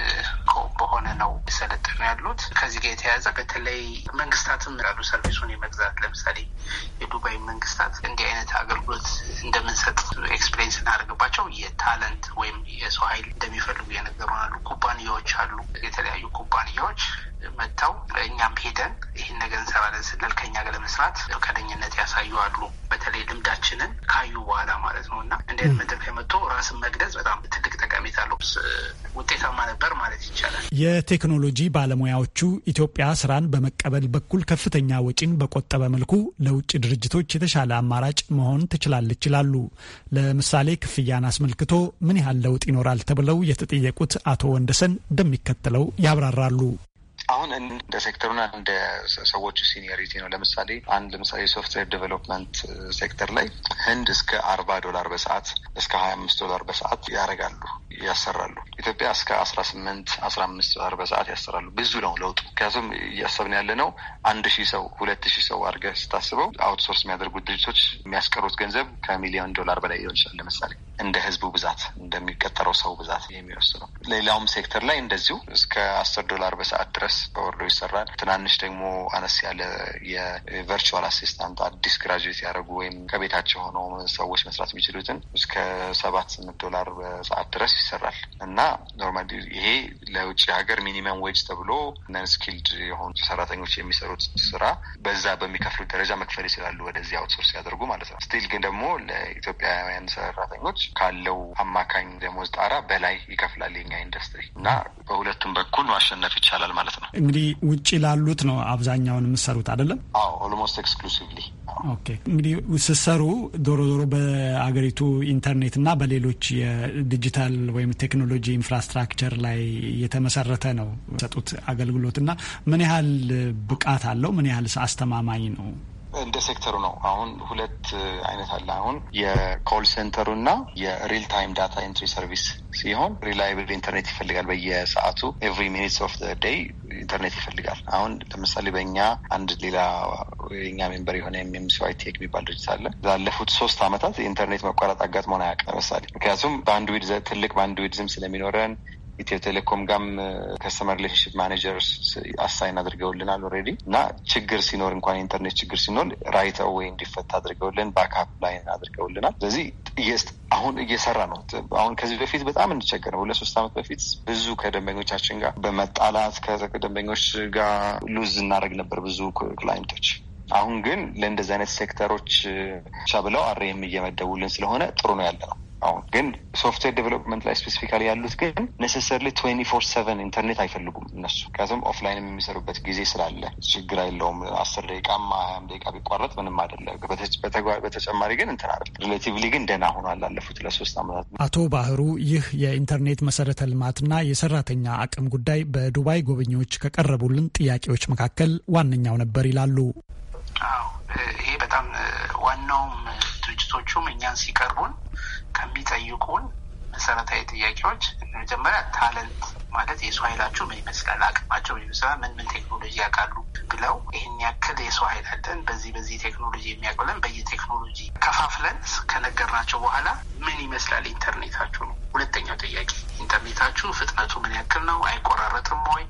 S4: በሆነ ነው የሰለጠኑ ያሉት። ከዚህ ጋር የተያያዘ በተለይ መንግስታትም ያሉ ሰርቪሱን የመግዛት ለምሳሌ የዱባይ መንግስታት እንዲህ አይነት አገልግሎት እንደምንሰጥ ኤክስፔሪንስ እናደርግባቸው የታለንት ወይም የሰው ኃይል እንደሚፈልጉ የነገሩን አሉ። ኩባንያዎች አሉ። የተለያዩ ኩባንያዎች መጥተው እኛም ሄደን ይህን ነገር እንሰራለን ስንል ከእኛ ጋር ለመስራት ፈቃደኝነት ያሳዩ አሉ። በተለይ ልምዳችንን ካዩ በኋላ ማለት ነው እና እንደ መድረክ የመጡ ራስን መግለጽ በጣም ትልቅ ጠቀሜታ አለው። ውጤታማ ነበር ማለት
S1: ይቻላል። የቴክኖሎጂ ባለሙያዎቹ ኢትዮጵያ ስራን በመቀበል በኩል ከፍተኛ ወጪን በቆጠበ መልኩ ለውጭ ድርጅቶች የተሻለ አማራጭ መሆን ትችላለች ይላሉ። ለምሳሌ ክፍያን አስመልክቶ ምን ያህል ለውጥ ይኖራል ተብለው የተጠየቁት አቶ ወንደሰን እንደሚከተለው ያብራራሉ።
S7: አሁን እንደ ሴክተሩና እንደ ሰዎቹ ሲኒየሪቲ ነው። ለምሳሌ አንድ ለምሳሌ የሶፍትዌር ዴቨሎፕመንት ሴክተር ላይ ህንድ እስከ አርባ ዶላር በሰዓት እስከ ሀያ አምስት ዶላር በሰዓት ያደርጋሉ። ያሰራሉ። ኢትዮጵያ እስከ አስራ ስምንት አስራ አምስት ዶላር በሰዓት ያሰራሉ። ብዙ ነው ለውጡ። ምክንያቱም እያሰብን ያለ ነው አንድ ሺህ ሰው ሁለት ሺህ ሰው አድርገህ ስታስበው አውትሶርስ የሚያደርጉት ድርጅቶች የሚያስቀሩት ገንዘብ ከሚሊዮን ዶላር በላይ ሊሆን ይችላል። ለምሳሌ እንደ ህዝቡ ብዛት እንደሚቀጠረው ሰው ብዛት የሚወስነው። ሌላውም ሴክተር ላይ እንደዚሁ እስከ አስር ዶላር በሰዓት ድረስ በወርዶ ይሰራል። ትናንሽ ደግሞ አነስ ያለ የቨርቹዋል አሲስታንት አዲስ ግራጁዌት ያደረጉ ወይም ከቤታቸው ሆነው ሰዎች መስራት የሚችሉትን እስከ ሰባት ስምንት ዶላር በሰዓት ድረስ ይሰራል እና ኖርማሊ ይሄ ለውጭ ሀገር ሚኒመም ዌጅ ተብሎ ነንስኪልድ የሆኑ ሰራተኞች የሚሰሩት ስራ በዛ በሚከፍሉት ደረጃ መክፈል ይችላሉ፣ ወደዚህ አውትሶርስ ያደርጉ ማለት ነው። ስቲል ግን ደግሞ ለኢትዮጵያውያን ሰራተኞች ካለው አማካኝ ደሞዝ ጣራ በላይ ይከፍላል የኛ ኢንዱስትሪ እና በሁለቱም በኩል ማሸነፍ ይቻላል ማለት
S1: ነው። እንግዲህ ውጭ ላሉት ነው አብዛኛውን የምትሰሩት አይደለም? አዎ ኦልሞስት ኤክስክሉሲቭሊ። ኦኬ እንግዲህ ስትሰሩ ዶሮ ዶሮ በአገሪቱ ኢንተርኔት እና በሌሎች የዲጂታል ወይም ቴክኖሎጂ ኢንፍራስትራክቸር ላይ የተመሰረተ ነው ሰጡት አገልግሎት እና ምን ያህል ብቃት አለው? ምን ያህል አስተማማኝ ነው?
S7: እንደ ሴክተሩ ነው። አሁን ሁለት አይነት አለ። አሁን የኮል ሴንተሩ እና የሪል ታይም ዳታ ኤንትሪ ሰርቪስ ሲሆን ሪላይብል ኢንተርኔት ይፈልጋል። በየሰዓቱ ኤቭሪ ሚኒትስ ኦፍ ደይ ኢንተርኔት ይፈልጋል። አሁን ለምሳሌ በእኛ አንድ ሌላ የኛ ሜምበር የሆነ የሚምሲዋይ ቴክ የሚባል ድርጅት አለ። ላለፉት ሶስት አመታት የኢንተርኔት መቋረጥ አጋጥሞን አያውቅም። ለምሳሌ ምክንያቱም በአንድ ዊድ ትልቅ በአንድ ዊድ ዝም ስለሚኖረን ኢትዮ ቴሌኮም ጋም ከስተመር ሪሌሽንሽፕ ማኔጀር አሳይን አድርገውልናል ኦልሬዲ እና ችግር ሲኖር እንኳን ኢንተርኔት ችግር ሲኖር ራይት ወይ እንዲፈታ አድርገውልን ባክአፕ ላይን አድርገውልናል። ስለዚህ አሁን እየሰራ ነው። አሁን ከዚህ በፊት በጣም እንቸገር ነው። ሁለት ሶስት ዓመት በፊት ብዙ ከደንበኞቻችን ጋር በመጣላት ከደንበኞች ጋር ሉዝ እናደረግ ነበር ብዙ ክላይንቶች። አሁን ግን ለእንደዚህ አይነት ሴክተሮች ብቻ ብለው አሬም እየመደቡልን ስለሆነ ጥሩ ነው ያለ ነው። አሁን ግን ሶፍትዌር ዴቨሎፕመንት ላይ ስፔሲፊካሊ ያሉት ግን ኔሴሰርሊ ትዌንቲ ፎር ሰቨን ኢንተርኔት አይፈልጉም እነሱ። ምክንያቱም ኦፍላይን የሚሰሩበት ጊዜ ስላለ ችግር አይለውም አስር ደቂቃማ ሀያም ደቂቃ ቢቋረጥ ምንም አይደለም። በተጨማሪ ግን እንትን ሪሌቲቭሊ ግን ደህና ሆኖ አላለፉት ለሶስት አመታት።
S1: አቶ ባህሩ ይህ የኢንተርኔት መሰረተ ልማትና የሰራተኛ አቅም ጉዳይ በዱባይ ጎብኚዎች ከቀረቡልን ጥያቄዎች መካከል ዋነኛው ነበር ይላሉ። ይሄ በጣም ዋናውም ድርጅቶቹም
S4: እኛን ሲቀርቡን ከሚጠይቁን መሰረታዊ ጥያቄዎች መጀመሪያ ታለንት ማለት የሰው ኃይላቸው ምን ይመስላል፣ አቅማቸው ምን ይመስላል፣ ምን ምን ቴክኖሎጂ ያውቃሉ ብለው ይህን ያክል የሰው ኃይል አለን፣ በዚህ በዚህ ቴክኖሎጂ የሚያውቅለን በየቴክኖሎጂ ከፋፍለን ከነገርናቸው በኋላ ምን ይመስላል ኢንተርኔታችሁ ነው። ሁለተኛው ጥያቄ ኢንተርኔታችሁ ፍጥነቱ ምን ያክል ነው፣ አይቆራረጥም ወይ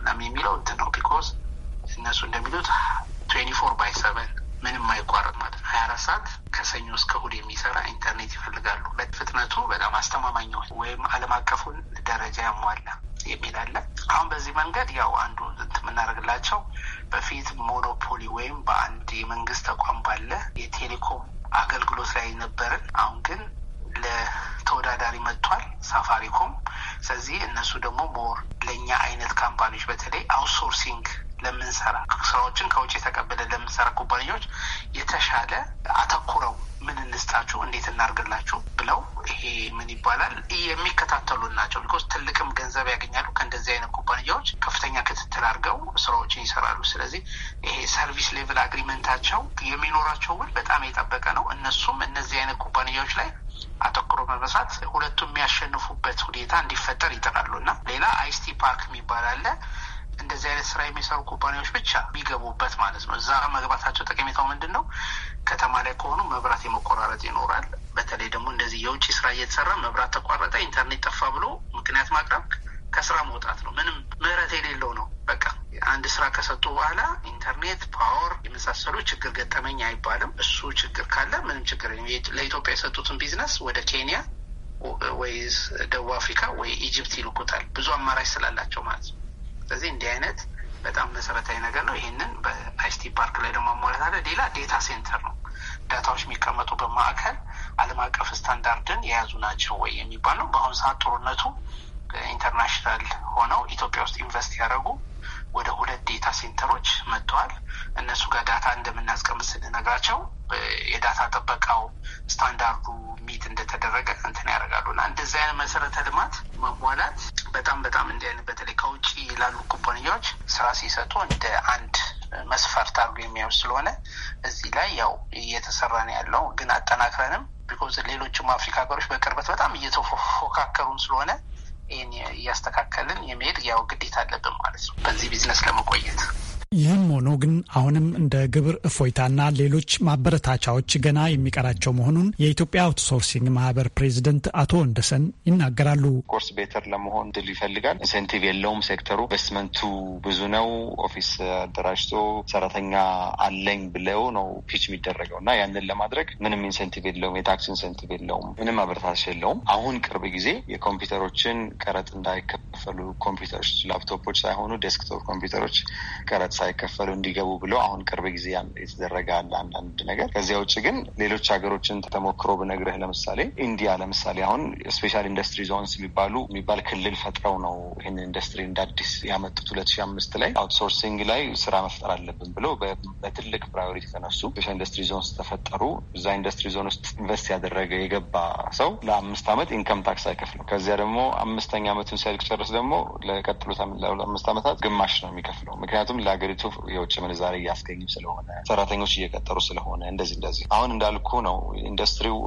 S4: ምናምን የሚለው እንትን ነው። ቢኮዝ እነሱ እንደሚሉት ትዌንቲ ፎር ባይ ሰቨን ምንም አይቋረጥ ማለት ነው። ሀያ አራት ሰዓት ከሰኞ እስከ ሁድ የሚሰራ ኢንተርኔት ይፈልጋሉ። ፍጥነቱ በጣም አስተማማኝ ወይም ዓለም አቀፉን ደረጃ ያሟላ የሚል አለ። አሁን በዚህ መንገድ ያው አንዱ እንትን የምናደርግላቸው በፊት ሞኖፖሊ ወይም በአንድ የመንግስት ተቋም ባለ የቴሌኮም አገልግሎት ላይ ነበርን። አሁን ግን ለተወዳዳሪ መጥቷል ሳፋሪኮም። ስለዚህ እነሱ ደግሞ ሞር ለእኛ አይነት ካምፓኒዎች በተለይ አውትሶርሲንግ ለምንሰራ ስራዎችን ከውጭ የተቀበለን ለምንሰራ ኩባንያዎች የተሻለ አተኩረው ምን እንስጣችሁ፣ እንዴት እናርግላችሁ ብለው ይሄ ምን ይባላል የሚከታተሉን ናቸው። ቢኮዝ ትልቅም ገንዘብ ያገኛሉ ከእንደዚህ አይነት ኩባንያዎች ከፍተኛ ክትትል አድርገው ስራዎችን ይሰራሉ። ስለዚህ ይሄ ሰርቪስ ሌቭል አግሪመንታቸው የሚኖራቸው ውል በጣም የጠበቀ ነው። እነሱም እነዚህ አይነት ኩባንያዎች ላይ አተኩሮ በመስራት ሁለቱም የሚያሸንፉበት ሁኔታ እንዲፈጠር ይጥራሉ እና ሌላ አይስቲ ፓርክ የሚባል አለ እንደዚህ አይነት ስራ የሚሰሩ ኩባንያዎች ብቻ የሚገቡበት ማለት ነው። እዛ መግባታቸው ጠቀሜታው ምንድን ነው? ከተማ ላይ ከሆኑ መብራት የመቆራረጥ ይኖራል። በተለይ ደግሞ እንደዚህ የውጭ ስራ እየተሰራ መብራት ተቋረጠ፣ ኢንተርኔት ጠፋ ብሎ ምክንያት ማቅረብ ከስራ መውጣት ነው። ምንም ምህረት የሌለው ነው። በቃ አንድ ስራ ከሰጡ በኋላ ኢንተርኔት፣ ፓወር የመሳሰሉ ችግር ገጠመኝ አይባልም። እሱ ችግር ካለ ምንም ችግር ለኢትዮጵያ የሰጡትን ቢዝነስ ወደ ኬንያ ወይ ደቡብ አፍሪካ ወይ ኢጅፕት ይልኩታል። ብዙ አማራጭ ስላላቸው ማለት ነው። ስለዚህ እንዲህ አይነት በጣም መሰረታዊ ነገር ነው። ይህንን በአይሲቲ ፓርክ ላይ ደግሞ ማሟላት አለ። ሌላ ዴታ ሴንተር ነው። ዳታዎች የሚቀመጡ በማዕከል ዓለም አቀፍ ስታንዳርድን የያዙ ናቸው ወይ ነው። በአሁኑ ሰዓት ጥሩነቱ ኢንተርናሽናል ሆነው ኢትዮጵያ ውስጥ ኢንቨስት ያደረጉ ወደ ሁለት ዴታ ሴንተሮች መጥተዋል። እነሱ ጋር ዳታ እንደምናስቀምጥ ስንነግራቸው የዳታ ጥበቃው ስታንዳርዱ ሚት እንደተደረገ እንትን ያደርጋሉ እና እንደዚህ አይነት መሰረተ ልማት መሟላት በጣም በጣም እንዲህ አይነት በተለይ ከውጭ ላሉ ኩባንያዎች ስራ ሲሰጡ እንደ አንድ መስፈርት አድርጎ የሚያው ስለሆነ እዚህ ላይ ያው እየተሰራ ነው ያለው። ግን አጠናክረንም ቢኮዝ ሌሎችም አፍሪካ ሀገሮች በቅርበት በጣም እየተፎካከሩን ስለሆነ ይህን
S1: እያስተካከልን የመሄድ ያው ግዴታ አለብን ማለት ነው በዚህ ቢዝነስ ለመቆየት ይህም ሆኖ ግን አሁንም እንደ ግብር እፎይታና ሌሎች ማበረታቻዎች ገና የሚቀራቸው መሆኑን የኢትዮጵያ አውትሶርሲንግ ማህበር ፕሬዚደንት አቶ ወንደሰን ይናገራሉ።
S7: ኮርስ ቤተር ለመሆን ድል ይፈልጋል። ኢንሴንቲቭ የለውም ሴክተሩ። ኢንቨስትመንቱ ብዙ ነው። ኦፊስ አደራጅቶ ሰራተኛ አለኝ ብለው ነው ፒች የሚደረገው እና ያንን ለማድረግ ምንም ኢንሴንቲቭ የለውም። የታክስ ኢንሴንቲቭ የለውም። ምንም ማበረታቻ የለውም። አሁን ቅርብ ጊዜ የኮምፒውተሮችን ቀረጥ እንዳይከፈሉ ኮምፒውተሮች ላፕቶፖች ሳይሆኑ ዴስክቶፕ ኮምፒውተሮች ቀረጥ ሳይከፈሉ እንዲገቡ ብሎ አሁን ቅርብ ጊዜ የተደረገ አለ አንዳንድ ነገር። ከዚያ ውጭ ግን ሌሎች ሀገሮችን ተሞክሮ ብነግርህ ለምሳሌ ኢንዲያ ለምሳሌ አሁን ስፔሻል ኢንዱስትሪ ዞንስ የሚባሉ የሚባል ክልል ፈጥረው ነው ይህን ኢንዱስትሪ እንደ አዲስ ያመጡት። ሁለት ሺ አምስት ላይ አውትሶርሲንግ ላይ ስራ መፍጠር አለብን ብሎ በትልቅ ፕራዮሪቲ ተነሱ። ስፔሻል ኢንዱስትሪ ዞንስ ተፈጠሩ። እዛ ኢንዱስትሪ ዞን ውስጥ ኢንቨስት ያደረገ የገባ ሰው ለአምስት ዓመት ኢንከም ታክስ አይከፍልም። ከዚያ ደግሞ አምስተኛ ዓመቱን ሲያልቅ ጨርስ ደግሞ ለቀጥሉት ለአምስት ዓመታት ግማሽ ነው የሚከፍለው ምክንያቱም ለሀገ ሀገሪቱ የውጭ ምንዛሬ እያስገኙ ስለሆነ ሰራተኞች እየቀጠሩ ስለሆነ እንደዚህ እንደዚህ አሁን እንዳልኩ ነው ኢንዱስትሪው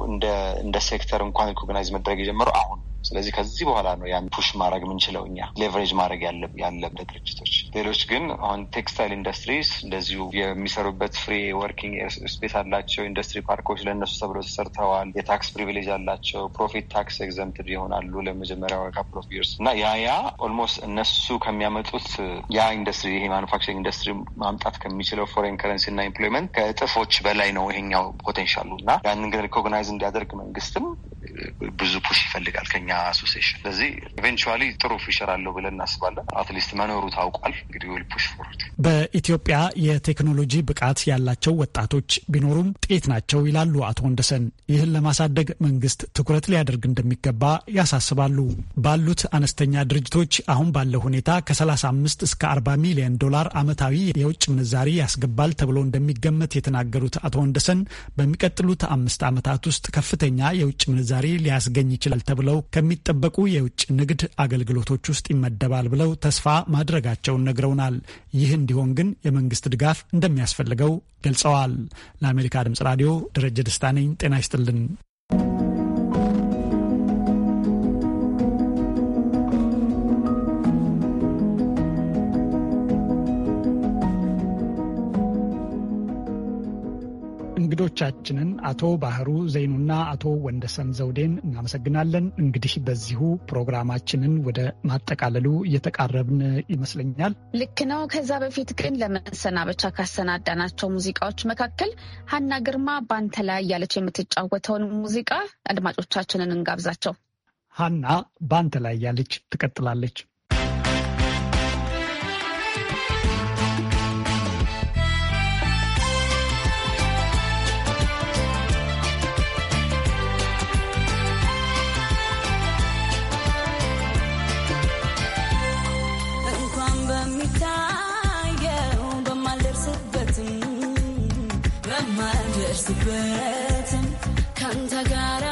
S7: እንደ ሴክተር እንኳን ሪኮግናይዝ መደረግ የጀመረው አሁን ስለዚህ ከዚህ በኋላ ነው ያን ፑሽ ማድረግ የምንችለው እኛ ሌቨሬጅ ማድረግ ያለበት ድርጅቶች። ሌሎች ግን አሁን ቴክስታይል ኢንዱስትሪስ እንደዚሁ የሚሰሩበት ፍሪ ወርኪንግ ስፔስ አላቸው። ኢንዱስትሪ ፓርኮች ለእነሱ ተብሎ ተሰርተዋል። የታክስ ፕሪቪሌጅ አላቸው። ፕሮፊት ታክስ ኤግዘምትድ ይሆናሉ ለመጀመሪያው ካፕል ኦፍ ይርስ እና ያ ያ ኦልሞስት እነሱ ከሚያመጡት ያ ኢንዱስትሪ ይሄ ማኑፋክቸሪንግ ኢንዱስትሪ ማምጣት ከሚችለው ፎሬን ከረንሲ እና ኢምፕሎይመንት ከእጥፎች በላይ ነው ይሄኛው ፖቴንሻሉ እና ያንን ግን ሪኮግናይዝ እንዲያደርግ መንግስትም ብዙ ፑሽ ይፈልጋል ከኛ አሶሴሽን። ስለዚህ ኢቨንቹዋሊ ጥሩ ፊውቸር አለው ብለን እናስባለን። አትሊስት መኖሩ ታውቋል። እንግዲህ ዊል ፑሽ ፎርወርድ።
S1: በኢትዮጵያ የቴክኖሎጂ ብቃት ያላቸው ወጣቶች ቢኖሩም ጥቂት ናቸው ይላሉ አቶ ወንደሰን። ይህን ለማሳደግ መንግስት ትኩረት ሊያደርግ እንደሚገባ ያሳስባሉ። ባሉት አነስተኛ ድርጅቶች አሁን ባለው ሁኔታ ከ35 እስከ 40 ሚሊዮን ዶላር አመታዊ የውጭ ምንዛሪ ያስገባል ተብሎ እንደሚገመት የተናገሩት አቶ ወንደሰን በሚቀጥሉት አምስት ዓመታት ውስጥ ከፍተኛ የውጭ ምንዛሪ ጭማሪ ሊያስገኝ ይችላል ተብለው ከሚጠበቁ የውጭ ንግድ አገልግሎቶች ውስጥ ይመደባል ብለው ተስፋ ማድረጋቸውን ነግረውናል። ይህ እንዲሆን ግን የመንግስት ድጋፍ እንደሚያስፈልገው ገልጸዋል። ለአሜሪካ ድምጽ ራዲዮ ደረጀ ደስታ ነኝ። ጤና ይስጥልን። እንግዶቻችንን አቶ ባህሩ ዘይኑና አቶ ወንደሰን ዘውዴን እናመሰግናለን። እንግዲህ በዚሁ ፕሮግራማችንን ወደ ማጠቃለሉ እየተቃረብን ይመስለኛል።
S2: ልክ ነው። ከዛ በፊት ግን ለመሰናበቻ ካሰናዳናቸው ሙዚቃዎች መካከል ሀና ግርማ በአንተ ላይ እያለች የምትጫወተውን ሙዚቃ አድማጮቻችንን እንጋብዛቸው።
S1: ሀና በአንተ ላይ እያለች ትቀጥላለች።
S8: Just a